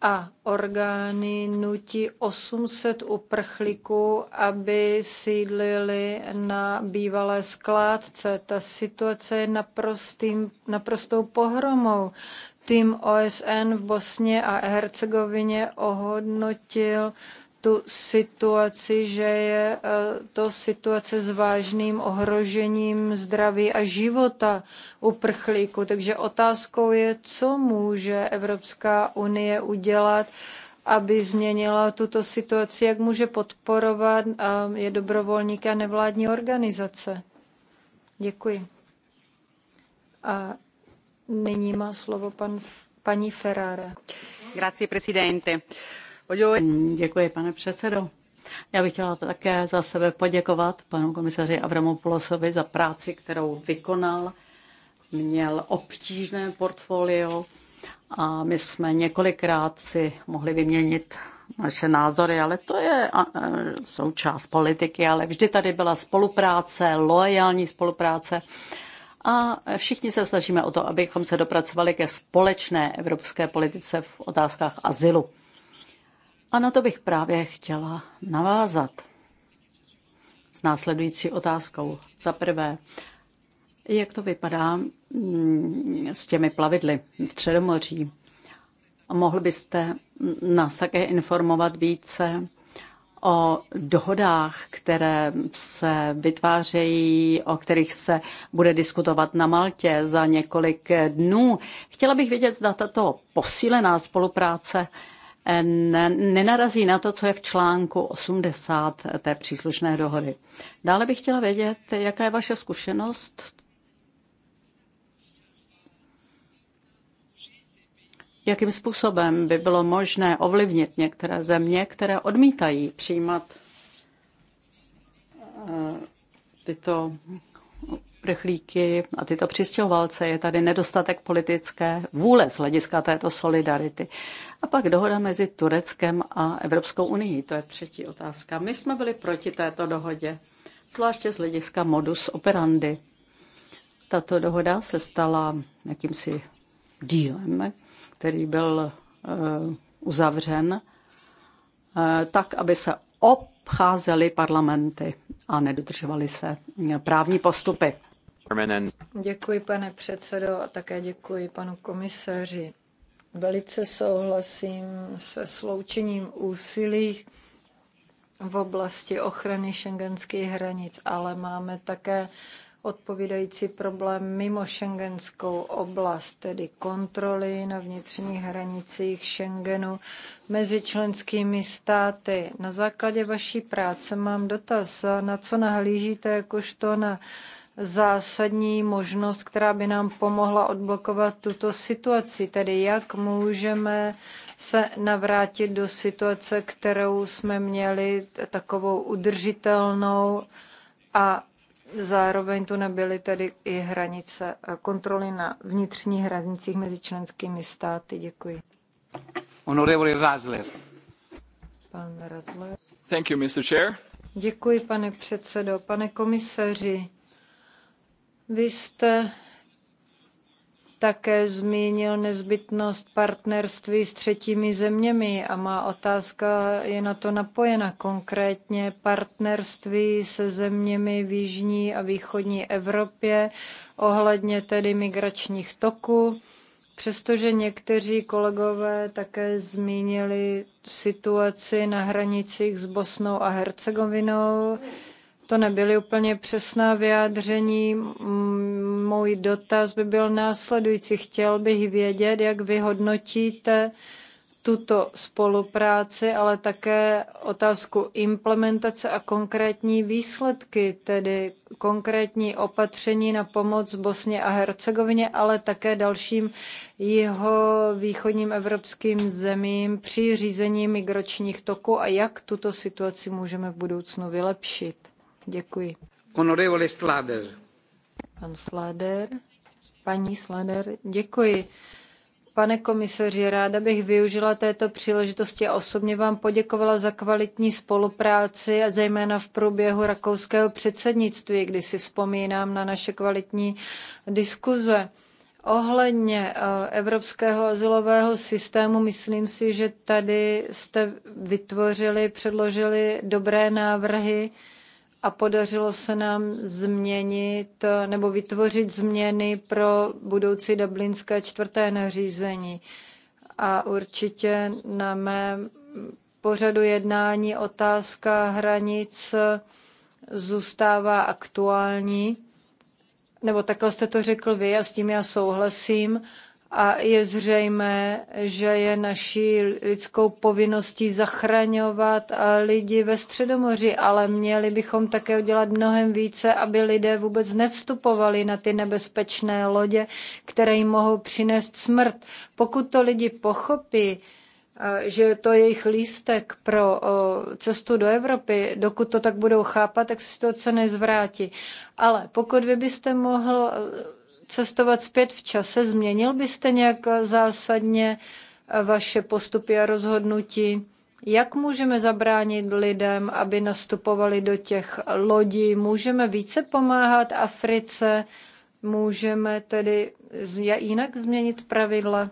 a orgány nutí 800 uprchlíků, aby sídlili na bývalé skládce. Ta situace je naprostým, naprostou pohromou. Tým OSN v Bosně a Hercegovině ohodnotil tu situaci, že je eh, to situace s vážným ohrožením zdraví a života uprchlíku. Takže otázkou je, co může Evropská unie udělat, aby změnila tuto situaci, jak může podporovat eh, je a nevládní organizace. Děkuji. A nyní má slovo pan, paní Ferrara. Grazie, presidente. Mm, děkuji, pane předsedo. Já bych chtěla také za sebe poděkovat panu komisaři Avramopoulosovi za práci, kterou vykonal. Měl obtížné portfolio a my jsme několikrát si mohli vyměnit naše názory, ale to je e, součást politiky, ale vždy tady byla spolupráce, loajální spolupráce a všichni se snažíme o to, abychom se dopracovali ke společné evropské politice v otázkách azylu. A na to bych právě chtěla navázat s následující otázkou. Za prvé, jak to vypadá mm, s těmi plavidly v Středomoří? Mohl byste nás také informovat více o dohodách, které se vytvářejí, o kterých se bude diskutovat na Maltě za několik dnů. Chtěla bych vědět, zda tato posílená spolupráce nenarazí na to, co je v článku 80 té příslušné dohody. Dále bych chtěla vědět, jaká je vaše zkušenost jakým způsobem by bylo možné ovlivnit některé země, které odmítají přijímat eh, tyto uprchlíky a tyto přistěhovalce. Je tady nedostatek politické vůle z hlediska této solidarity. A pak dohoda mezi Tureckem a Evropskou unii. To je třetí otázka. My jsme byli proti této dohodě, zvláště z hlediska modus operandi. Tato dohoda se stala jakýmsi dílem, který byl eh, uzavřen eh, tak, aby se obcházely parlamenty a nedodržovaly se eh, právní postupy. Děkuji, pane předsedo, a také děkuji panu komisaři. Velice souhlasím se sloučením úsilí v oblasti ochrany šengenských hranic, ale máme také odpovídající problém mimo šengenskou oblast, tedy kontroly na vnitřních hranicích Schengenu mezi členskými státy. Na základě vaší práce mám dotaz, na co nahlížíte jakožto na zásadní možnost, která by nám pomohla odblokovat tuto situaci, tedy jak můžeme se navrátit do situace, kterou jsme měli takovou udržitelnou a zároveň tu nebyly tedy i hranice kontroly na vnitřních hranicích mezi členskými státy. Děkuji. Honorable Razler. Pan Razler. Thank you, Mr. Chair. Děkuji, pane předsedo. Pane komisaři, vy jste také zmínil nezbytnost partnerství s třetími zeměmi a má otázka je na to napojena konkrétně partnerství se zeměmi v jižní a východní Evropě ohledně tedy migračních toků. Přestože někteří kolegové také zmínili situaci na hranicích s Bosnou a Hercegovinou, to nebyly úplně přesná vyjádření. Můj dotaz by byl následující. Chtěl bych vědět, jak vy hodnotíte tuto spolupráci, ale také otázku implementace a konkrétní výsledky, tedy konkrétní opatření na pomoc Bosně a Hercegovině, ale také dalším jeho východním evropským zemím při řízení migračních toků a jak tuto situaci můžeme v budoucnu vylepšit. Děkuji. Honorevole Slader. Pan Slader. Paní Slader, děkuji. Pane komisaři, ráda bych využila této příležitosti a osobně vám poděkovala za kvalitní spolupráci a zejména v průběhu rakouského předsednictví, kdy si vzpomínám na naše kvalitní diskuze. Ohledně eh, evropského azylového systému, myslím si, že tady jste vytvořili, předložili dobré návrhy, a podařilo se nám změnit nebo vytvořit změny pro budoucí dublinské čtvrté nařízení. A určitě na mém pořadu jednání otázka hranic zůstává aktuální, nebo takhle jste to řekl vy a s tím já souhlasím a je zřejmé, že je naší lidskou povinností zachraňovat eh, lidi ve Středomoři, ale měli bychom také udělat mnohem více, aby lidé vůbec nevstupovali na ty nebezpečné lodě, které jim mohou přinést smrt. Pokud to lidi pochopí, eh, že to je jejich lístek pro eh, cestu do Evropy, dokud to tak budou chápat, tak se situace nezvrátí. Ale pokud vy byste mohl cestovat zpět v čase, změnil byste nějak zásadně eh, vaše postupy a rozhodnutí? Jak můžeme zabránit lidem, aby nastupovali do těch lodí? Můžeme více pomáhat Africe? Můžeme tedy jinak změnit pravidla?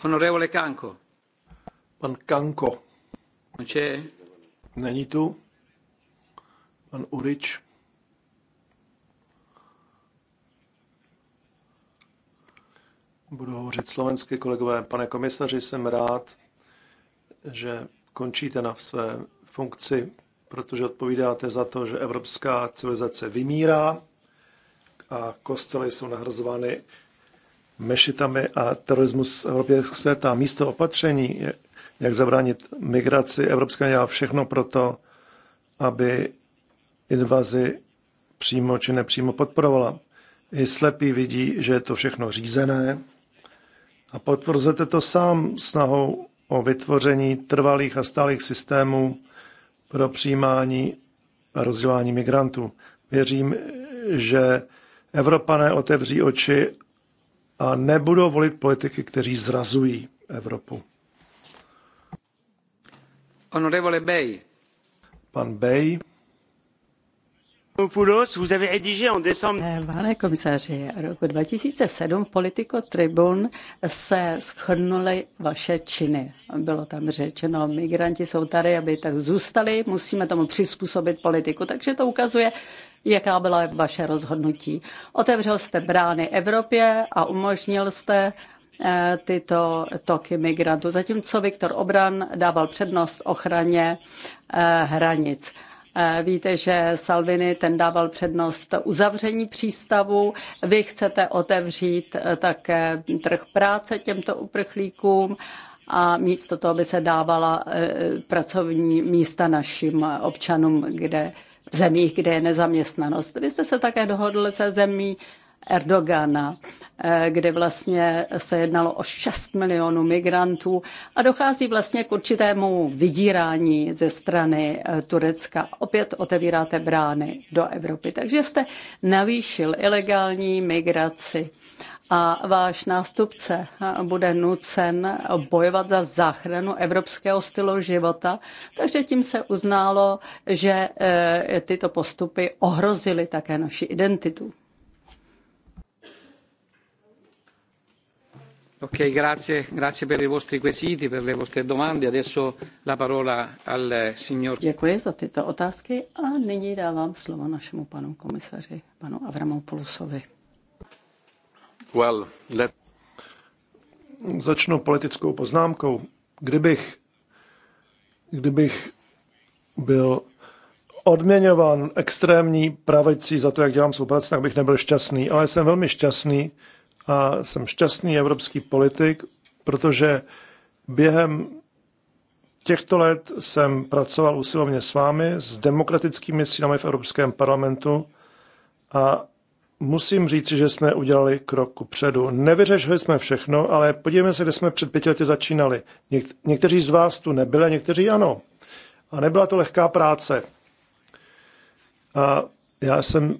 Honorevole Kanko. Pan Kanko. Če? Není tu. Pan Urič. Budu hovořit slovensky, kolegové. Pane komisaři, jsem rád, že končíte na své funkci, protože odpovídáte za to, že evropská civilizace vymírá a kostely jsou nahrazovány mešitami a terorismus v Evropě vzletá. Místo opatření, jak zabránit migraci, Evropská dělá všechno pro to, aby invazi přímo či nepřímo podporovala. I slepí vidí, že je to všechno řízené, a potvrzujete to sám snahou o vytvoření trvalých a stálých systémů pro přijímání a rozdělování migrantů. Věřím, že Evropané otevří oči a nebudou volit politiky, kteří zrazují Evropu. Honorevole Bay. Pan Bay. Eh, pane komisaři, roku 2007 v Politico Tribune se schrnuly vaše činy. Bylo tam řečeno, migranti jsou tady, aby tak zůstali, musíme tomu přizpůsobit politiku. Takže to ukazuje, jaká byla vaše rozhodnutí. Otevřel jste brány Evropě a umožnil jste eh, tyto toky migrantů, zatímco Viktor Obran dával přednost ochraně eh, hranic. Eh, víte, že Salvini ten dával přednost uzavření přístavu. Vy chcete otevřít eh, také trh práce těmto uprchlíkům a místo toho by se dávala eh, pracovní místa našim občanům, kde v zemích, kde je nezaměstnanost. Vy jste se také dohodl se zemí Erdogana, eh, kde vlastně se jednalo o 6 milionů migrantů a dochází vlastně k určitému vydírání ze strany eh, Turecka. Opět otevíráte brány do Evropy. Takže jste navýšil ilegální migraci a váš nástupce eh, bude nucen bojovat za záchranu evropského stylu života. Takže tím se uználo, že tyto postupy ohrozily také naši identitu. Ok, grazie, grazie per i vostri quesiti, per le vostre domande. Adesso la parola al signor... Děkuji za tyto otázky a nyní dávám slovo našemu panu komisaři, panu Avramopoulosovi. Well, let... Začnu politickou poznámkou. Kdybych, kdybych byl odměňován extrémní pravicí za to, jak dělám svou práci, tak bych nebyl šťastný. Ale jsem velmi šťastný, a jsem šťastný evropský politik, protože během těchto let jsem pracoval usilovně s vámi, s demokratickými silami v Evropském parlamentu a musím říct, že jsme udělali krok ku předu. Nevyřešili jsme všechno, ale podívejme se, kde jsme před pěti lety začínali. někteří z vás tu nebyli, někteří ano. A nebyla to lehká práce. A já jsem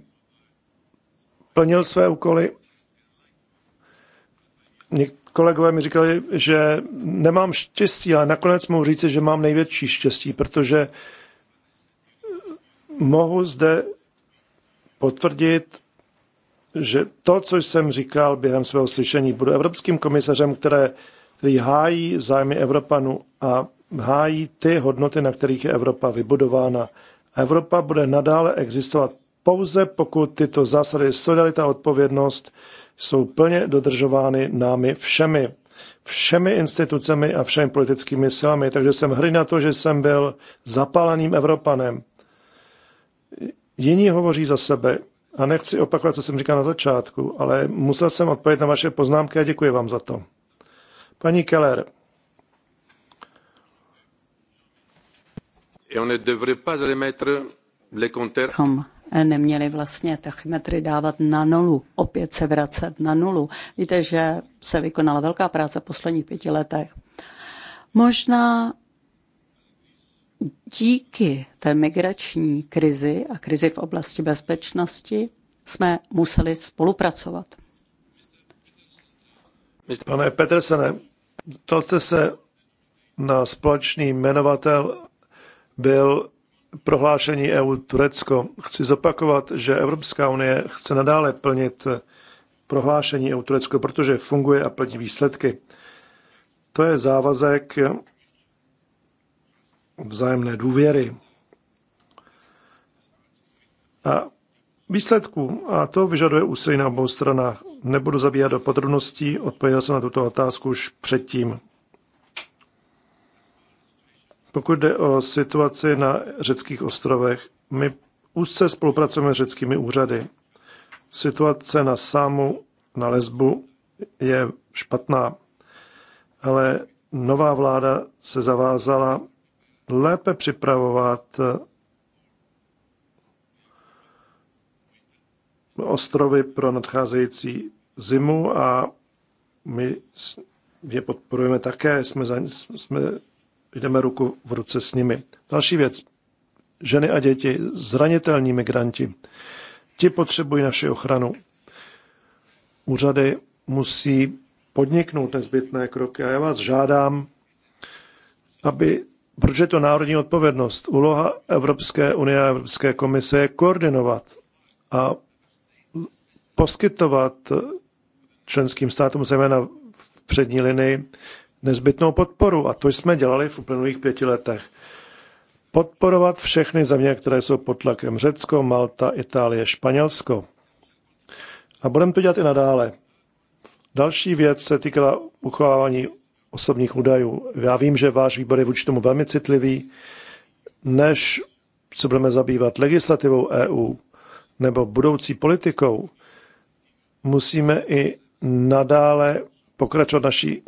plnil své úkoly kolegové mi říkali, že nemám štěstí, ale nakonec mohu říci, že mám největší štěstí, protože eh, mohu zde potvrdit, že to, co jsem říkal během svého slyšení, budu evropským komisařem, které, který hájí zájmy Evropanů a hájí ty hodnoty, na kterých je Evropa vybudována. Evropa bude nadále existovat pouze, pokud tyto zásady solidarita a odpovědnost jsou plně dodržovány námi všemi. Všemi institucemi a všemi politickými silami. Takže jsem hry na to, že jsem byl zapáleným Evropanem. Jiní hovoří za sebe a nechci opakovat, co jsem říkal na začátku, ale musel jsem odpovědět na vaše poznámky a děkuji vám za to. Paní Keller, et on ne devrait pas les compteurs. Comme neměli vlastně tachymetry dávat na nulu, opět se vracet na nulu. Víte, že se vykonala velká práce v posledních pěti letech. Možná díky té migrační krizi a krizi v oblasti bezpečnosti jsme museli spolupracovat. Pane Petersene, ptal jste se na společný jmenovatel byl prohlášení EU Turecko. Chci zopakovat, že Evropská unie chce nadále plnit prohlášení EU Turecko, protože funguje a plní výsledky. To je závazek vzájemné důvěry a výsledků. A to vyžaduje úsilí na obou stranách. Nebudu zabíhat do podrobností, odpověděl jsem na tuto otázku už předtím. Pokud jde o situaci na řeckých ostrovech, my úzce spolupracujeme s řeckými úřady. Situace na Sámu, na Lesbu je špatná, ale nová vláda se zavázala lépe připravovat ostrovy pro nadcházející zimu a my je podporujeme také, jsme, za, jsme jdeme ruku v ruce s nimi. Další věc. Ženy a děti, zranitelní migranti, ti potřebují naši ochranu. Úřady musí podniknout nezbytné kroky a já vás žádám, aby, protože je to národní odpovědnost, úloha Evropské unie a Evropské komise je koordinovat a poskytovat členským státům, zejména v přední linii, nezbytnou podporu a to jsme dělali v uplynulých pěti letech. Podporovat všechny země, které jsou pod tlakem Řecko, Malta, Itálie, Španělsko. A budeme to dělat i nadále. Další věc se týkala uchovávání osobních údajů. Já vím, že váš výbor je vůči tomu velmi citlivý. Než se budeme zabývat legislativou EU nebo budoucí politikou, musíme i nadále pokračovat naší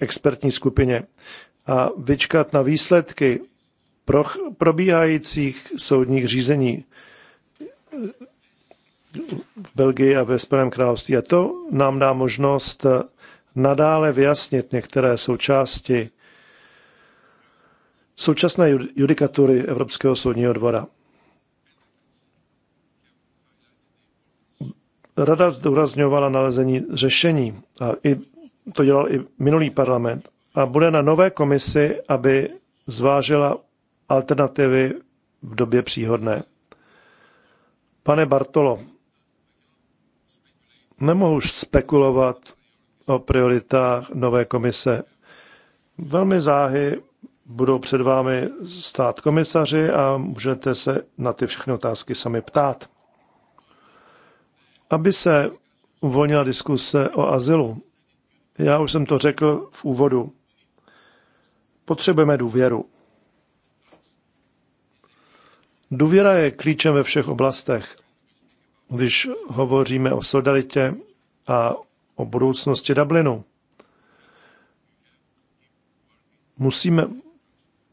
expertní skupině a vyčkat na výsledky probíhajících soudních řízení v Belgii a ve Spojeném království. A to nám dá možnost nadále vyjasnit některé součásti současné judikatury Evropského soudního dvora. Rada zdůrazňovala nalezení řešení a i to dělal i minulý parlament. A bude na nové komisi, aby zvážila alternativy v době příhodné. Pane Bartolo, nemohu už spekulovat o prioritách nové komise. Velmi záhy budou před vámi stát komisaři a můžete se na ty všechny otázky sami ptát. Aby se uvolnila diskuse o azylu, já už jsem to řekl v úvodu. Potřebujeme důvěru. Důvěra je klíčem ve všech oblastech. Když hovoříme o solidaritě a o budoucnosti Dublinu, musíme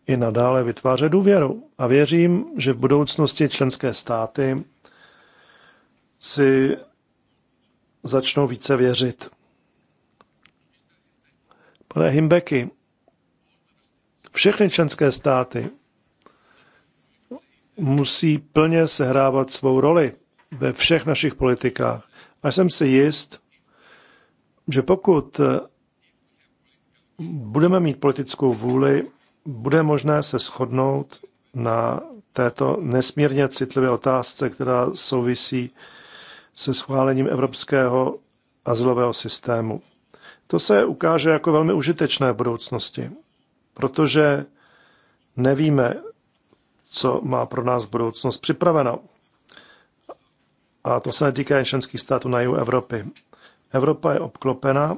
i nadále vytvářet důvěru. A věřím, že v budoucnosti členské státy si začnou více věřit. Pane Himbeky, všechny členské státy musí plně sehrávat svou roli ve všech našich politikách. A jsem si jist, že pokud eh, budeme mít politickou vůli, bude možné se shodnout na této nesmírně citlivé otázce, která souvisí se schválením evropského azylového systému. To se ukáže jako velmi užitečné v budoucnosti, protože nevíme, co má pro nás budoucnost připraveno. A to se netýká jen členských států na jihu Evropy. Evropa je obklopena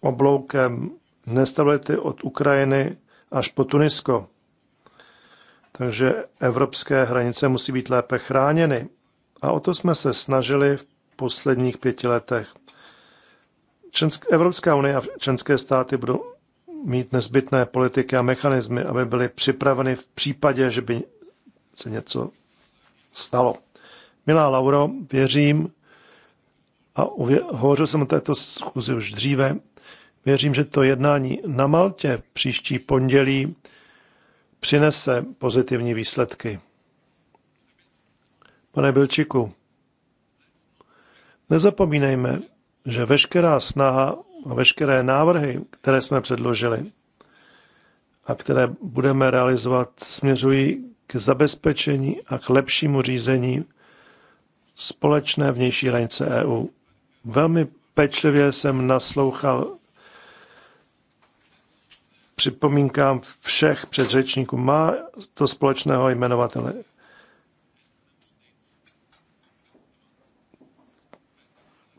obloukem nestability od Ukrajiny až po Tunisko. Takže evropské hranice musí být lépe chráněny. A o to jsme se snažili v posledních pěti letech. Člensk, Evropská unie a členské státy budou mít nezbytné politiky a mechanismy, aby byly připraveny v případě, že by se něco stalo. Milá Lauro, věřím, a hovořil jsem o této schůzi už dříve, věřím, že to jednání na Maltě příští pondělí přinese pozitivní výsledky. Pane Bilčiku, nezapomínejme, že veškerá snaha a veškeré návrhy, které jsme předložili a které budeme realizovat, směřují k zabezpečení a k lepšímu řízení společné vnější hranice EU. Velmi pečlivě jsem naslouchal připomínkám všech předřečníků. Má to společného jmenovatele.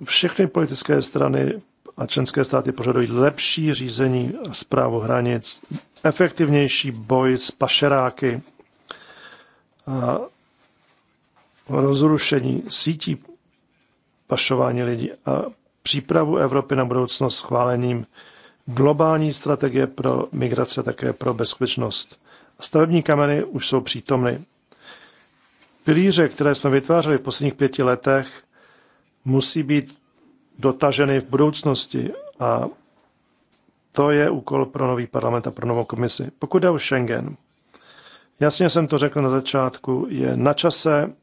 všechny politické strany a členské státy požadují lepší řízení a zprávu hranic, efektivnější boj s pašeráky a rozrušení sítí pašování lidí a přípravu Evropy na budoucnost schválením globální strategie pro migrace, také pro bezpečnost. Stavební kameny už jsou přítomny. Pilíře, které jsme vytvářeli v posledních pěti letech, musí být dotaženy v budoucnosti a to je úkol pro nový parlament a pro novou komisi. Pokud jde o Schengen, jasně jsem to řekl na začátku, je na čase,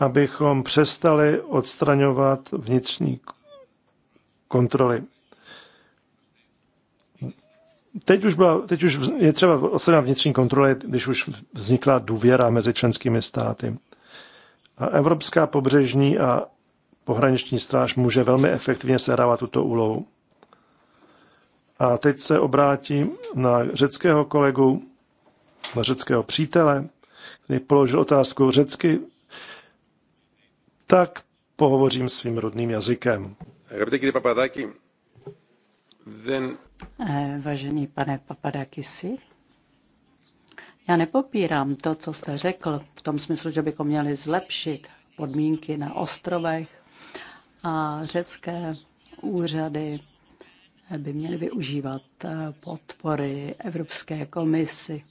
abychom přestali odstraňovat vnitřní kontroly. Teď už, byla, teď už je třeba odstraňovat vnitřní kontroly, když už vznikla důvěra mezi členskými státy. A Evropská pobřežní a pohraniční stráž může velmi efektivně sehrávat tuto úlohu. A teď se obrátím na řeckého kolegu, na řeckého přítele, který položil otázku řecky, tak pohovořím svým rodným jazykem. Eh, vážený pane Papadakisi, já nepopírám to, co jste řekl, v tom smyslu, že bychom měli zlepšit podmínky na ostrovech a řecké úřady by měly využívat eh, podpory Evropské komisy,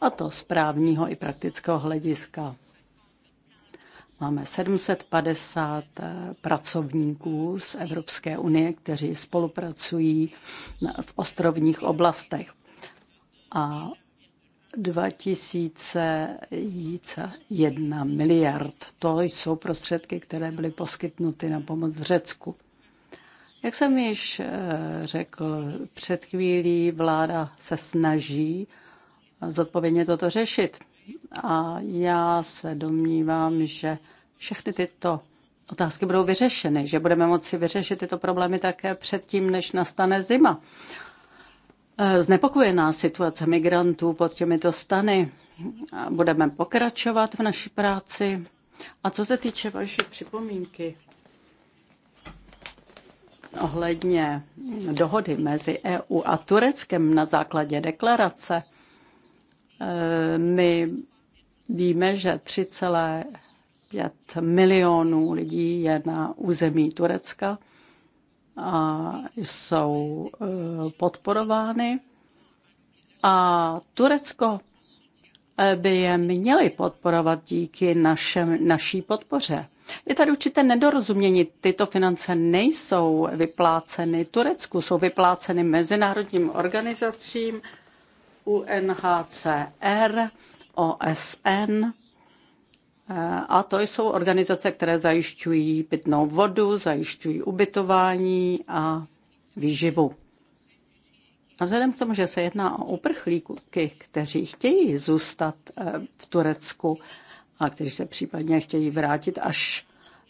a to z právního i praktického hlediska. Máme 750 eh, pracovníků z Evropské unie, kteří spolupracují v ostrovních oblastech. A 2001 miliard. To jsou prostředky, které byly poskytnuty na pomoc Řecku. Jak jsem již eh, řekl před chvílí, vláda se snaží eh, zodpovědně toto řešit. A já se domnívám, že všechny tyto otázky budou vyřešeny, že budeme moci vyřešit tyto problémy také předtím, než nastane zima. Eh, Znepokuje nás situace migrantů pod těmito stany. Budeme pokračovat v naší práci. A co se týče vaší připomínky ohledně dohody mezi EU a Tureckem na základě deklarace, eh, my víme, že 3,5 milionů lidí je na území Turecka a jsou eh, podporovány a Turecko eh, by je měli podporovat díky našem, naší podpoře. Je tady určité nedorozumění. Tyto finance nejsou vypláceny Turecku, jsou vypláceny mezinárodním organizacím UNHCR, OSN Eh, a to jsou organizace, které zajišťují pitnou vodu, zajišťují ubytování a výživu. A vzhledem k tomu, že se jedná o uprchlíky, kteří chtějí zůstat eh, v Turecku a kteří se případně chtějí vrátit, až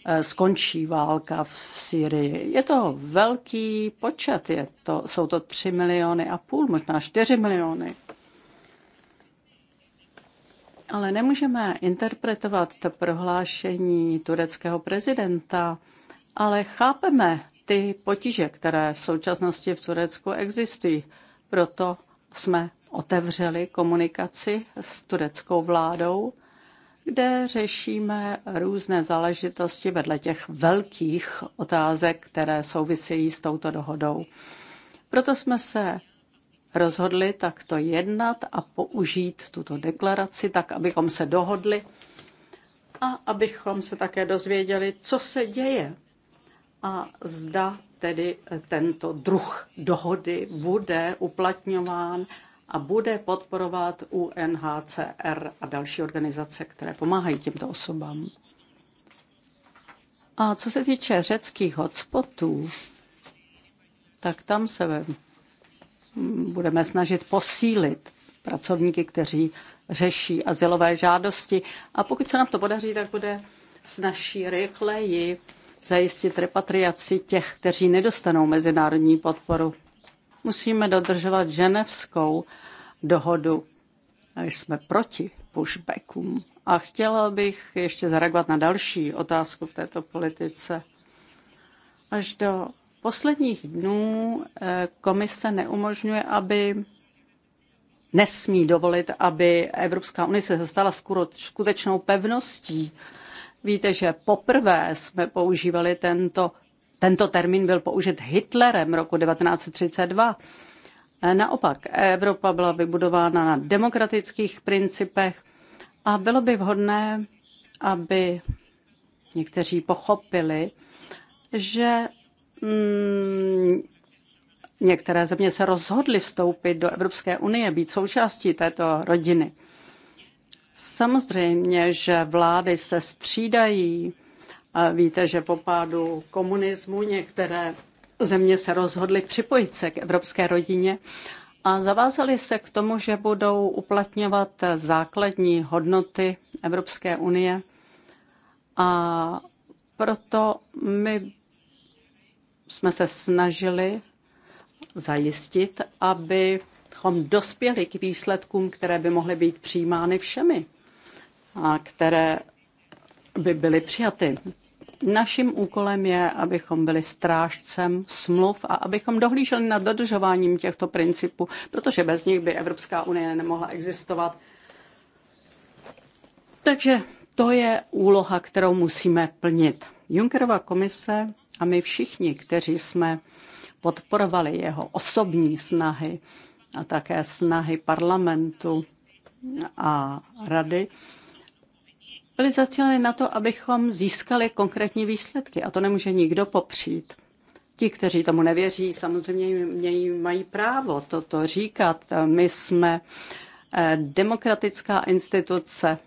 eh, skončí válka v Syrii. Je to velký počet, je to, jsou to 3 miliony a půl, možná 4 miliony ale nemůžeme interpretovat prohlášení tureckého prezidenta, ale chápeme ty potíže, které v současnosti v Turecku existují. Proto jsme otevřeli komunikaci s tureckou vládou, kde řešíme různé záležitosti vedle těch velkých otázek, které souvisejí s touto dohodou. Proto jsme se rozhodli takto jednat a použít tuto deklaraci tak, abychom se dohodli a abychom se také dozvěděli, co se děje a zda tedy tento druh dohody bude uplatňován a bude podporovat UNHCR a další organizace, které pomáhají těmto osobám. A co se týče řeckých hotspotů, tak tam se budeme snažit posílit pracovníky, kteří řeší asilové žádosti. A pokud se nám to podaří, tak bude snažší rychleji zajistit repatriaci těch, kteří nedostanou mezinárodní podporu. Musíme dodržovat ženevskou dohodu, jsme proti pushbackům. A chtěla bych ještě zareagovat na další otázku v této politice. Až do posledních dnů eh, komise neumožňuje, aby nesmí dovolit, aby Evropská unie se stala skutečnou pevností. Víte, že poprvé jsme používali tento, tento termín byl použit Hitlerem roku 1932. Eh, naopak, Evropa byla vybudována na demokratických principech a bylo by vhodné, aby někteří pochopili, že Hmm, některé země se rozhodly vstoupit do Evropské unie, být součástí této rodiny. Samozřejmě, že vlády se střídají. A víte, že po pádu komunismu některé země se rozhodly připojit se k evropské rodině a zavázaly se k tomu, že budou uplatňovat základní hodnoty Evropské unie. A proto my jsme se snažili zajistit, abychom dospěli k výsledkům, které by mohly být přijímány všemi a které by byly přijaty. Naším úkolem je, abychom byli strážcem smluv a abychom dohlíželi nad dodržováním těchto principů, protože bez nich by Evropská unie nemohla existovat. Takže to je úloha, kterou musíme plnit. Junckerova komise a my všichni, kteří jsme podporovali jeho osobní snahy a také snahy parlamentu a rady, byly zacíleny na to, abychom získali konkrétní výsledky. A to nemůže nikdo popřít. Ti, kteří tomu nevěří, samozřejmě mějí, mají právo toto říkat. My jsme eh, demokratická instituce.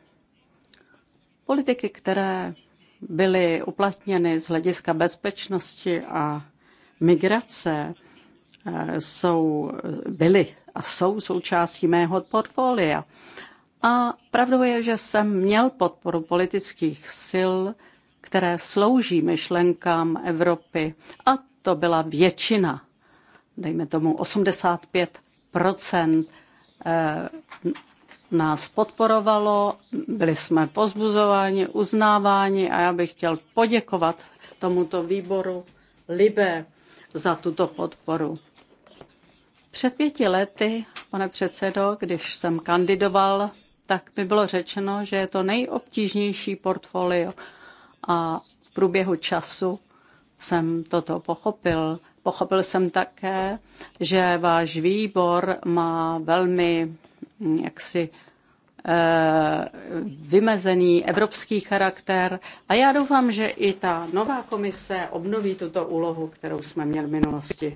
Politiky, které byly uplatněny z hlediska bezpečnosti a migrace, eh, jsou, byly a jsou součástí mého portfolia. A pravdou je, že jsem měl podporu politických sil, které slouží myšlenkám Evropy. A to byla většina, dejme tomu 85 nás podporovalo, byli jsme pozbuzováni, uznáváni a já bych chtěl poděkovat tomuto výboru Libé za tuto podporu. Před pěti lety, pane předsedo, když jsem kandidoval, tak mi bylo řečeno, že je to nejobtížnější portfolio a v průběhu času jsem toto pochopil. Pochopil jsem také, že váš výbor má velmi jaksi eh, vymezený evropský charakter a já doufám, že i ta nová komise obnoví tuto úlohu, kterou jsme měli v minulosti.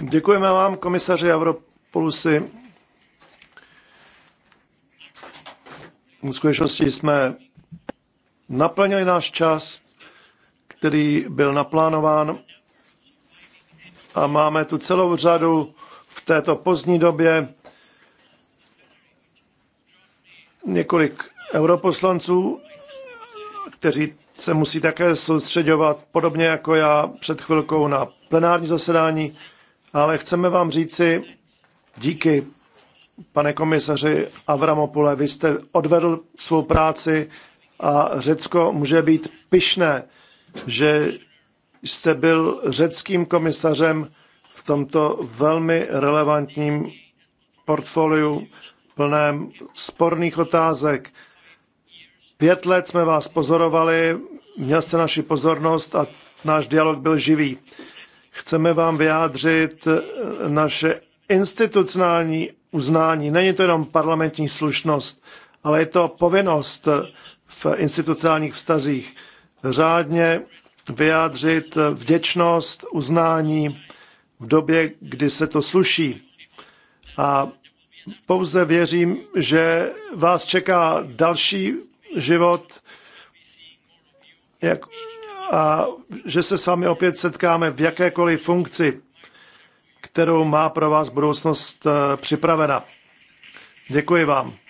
Děkujeme vám, komisaři Avropolusi. V skutečnosti jsme naplnili náš čas, který byl naplánován a máme tu celou řadu v této pozdní době několik europoslanců, kteří se musí také soustředovat, podobně jako já před chvilkou na plenární zasedání, ale chceme vám říci díky, pane komisaři Avramopole, vy jste odvedl svou práci a Řecko může být pyšné, že jste byl řeckým komisařem v tomto velmi relevantním portfoliu plném sporných otázek. Pět let jsme vás pozorovali, měl jste naši pozornost a náš dialog byl živý. Chceme vám vyjádřit eh, naše institucionální uznání. Není to jenom parlamentní slušnost, ale je to povinnost eh, v institucionálních vztazích řádně vyjádřit eh, vděčnost, uznání v době, kdy se to sluší. A pouze věřím, že vás čeká další život jak, a že se s vámi opět setkáme v jakékoliv funkci, kterou má pro vás budoucnost eh, připravena. Děkuji vám.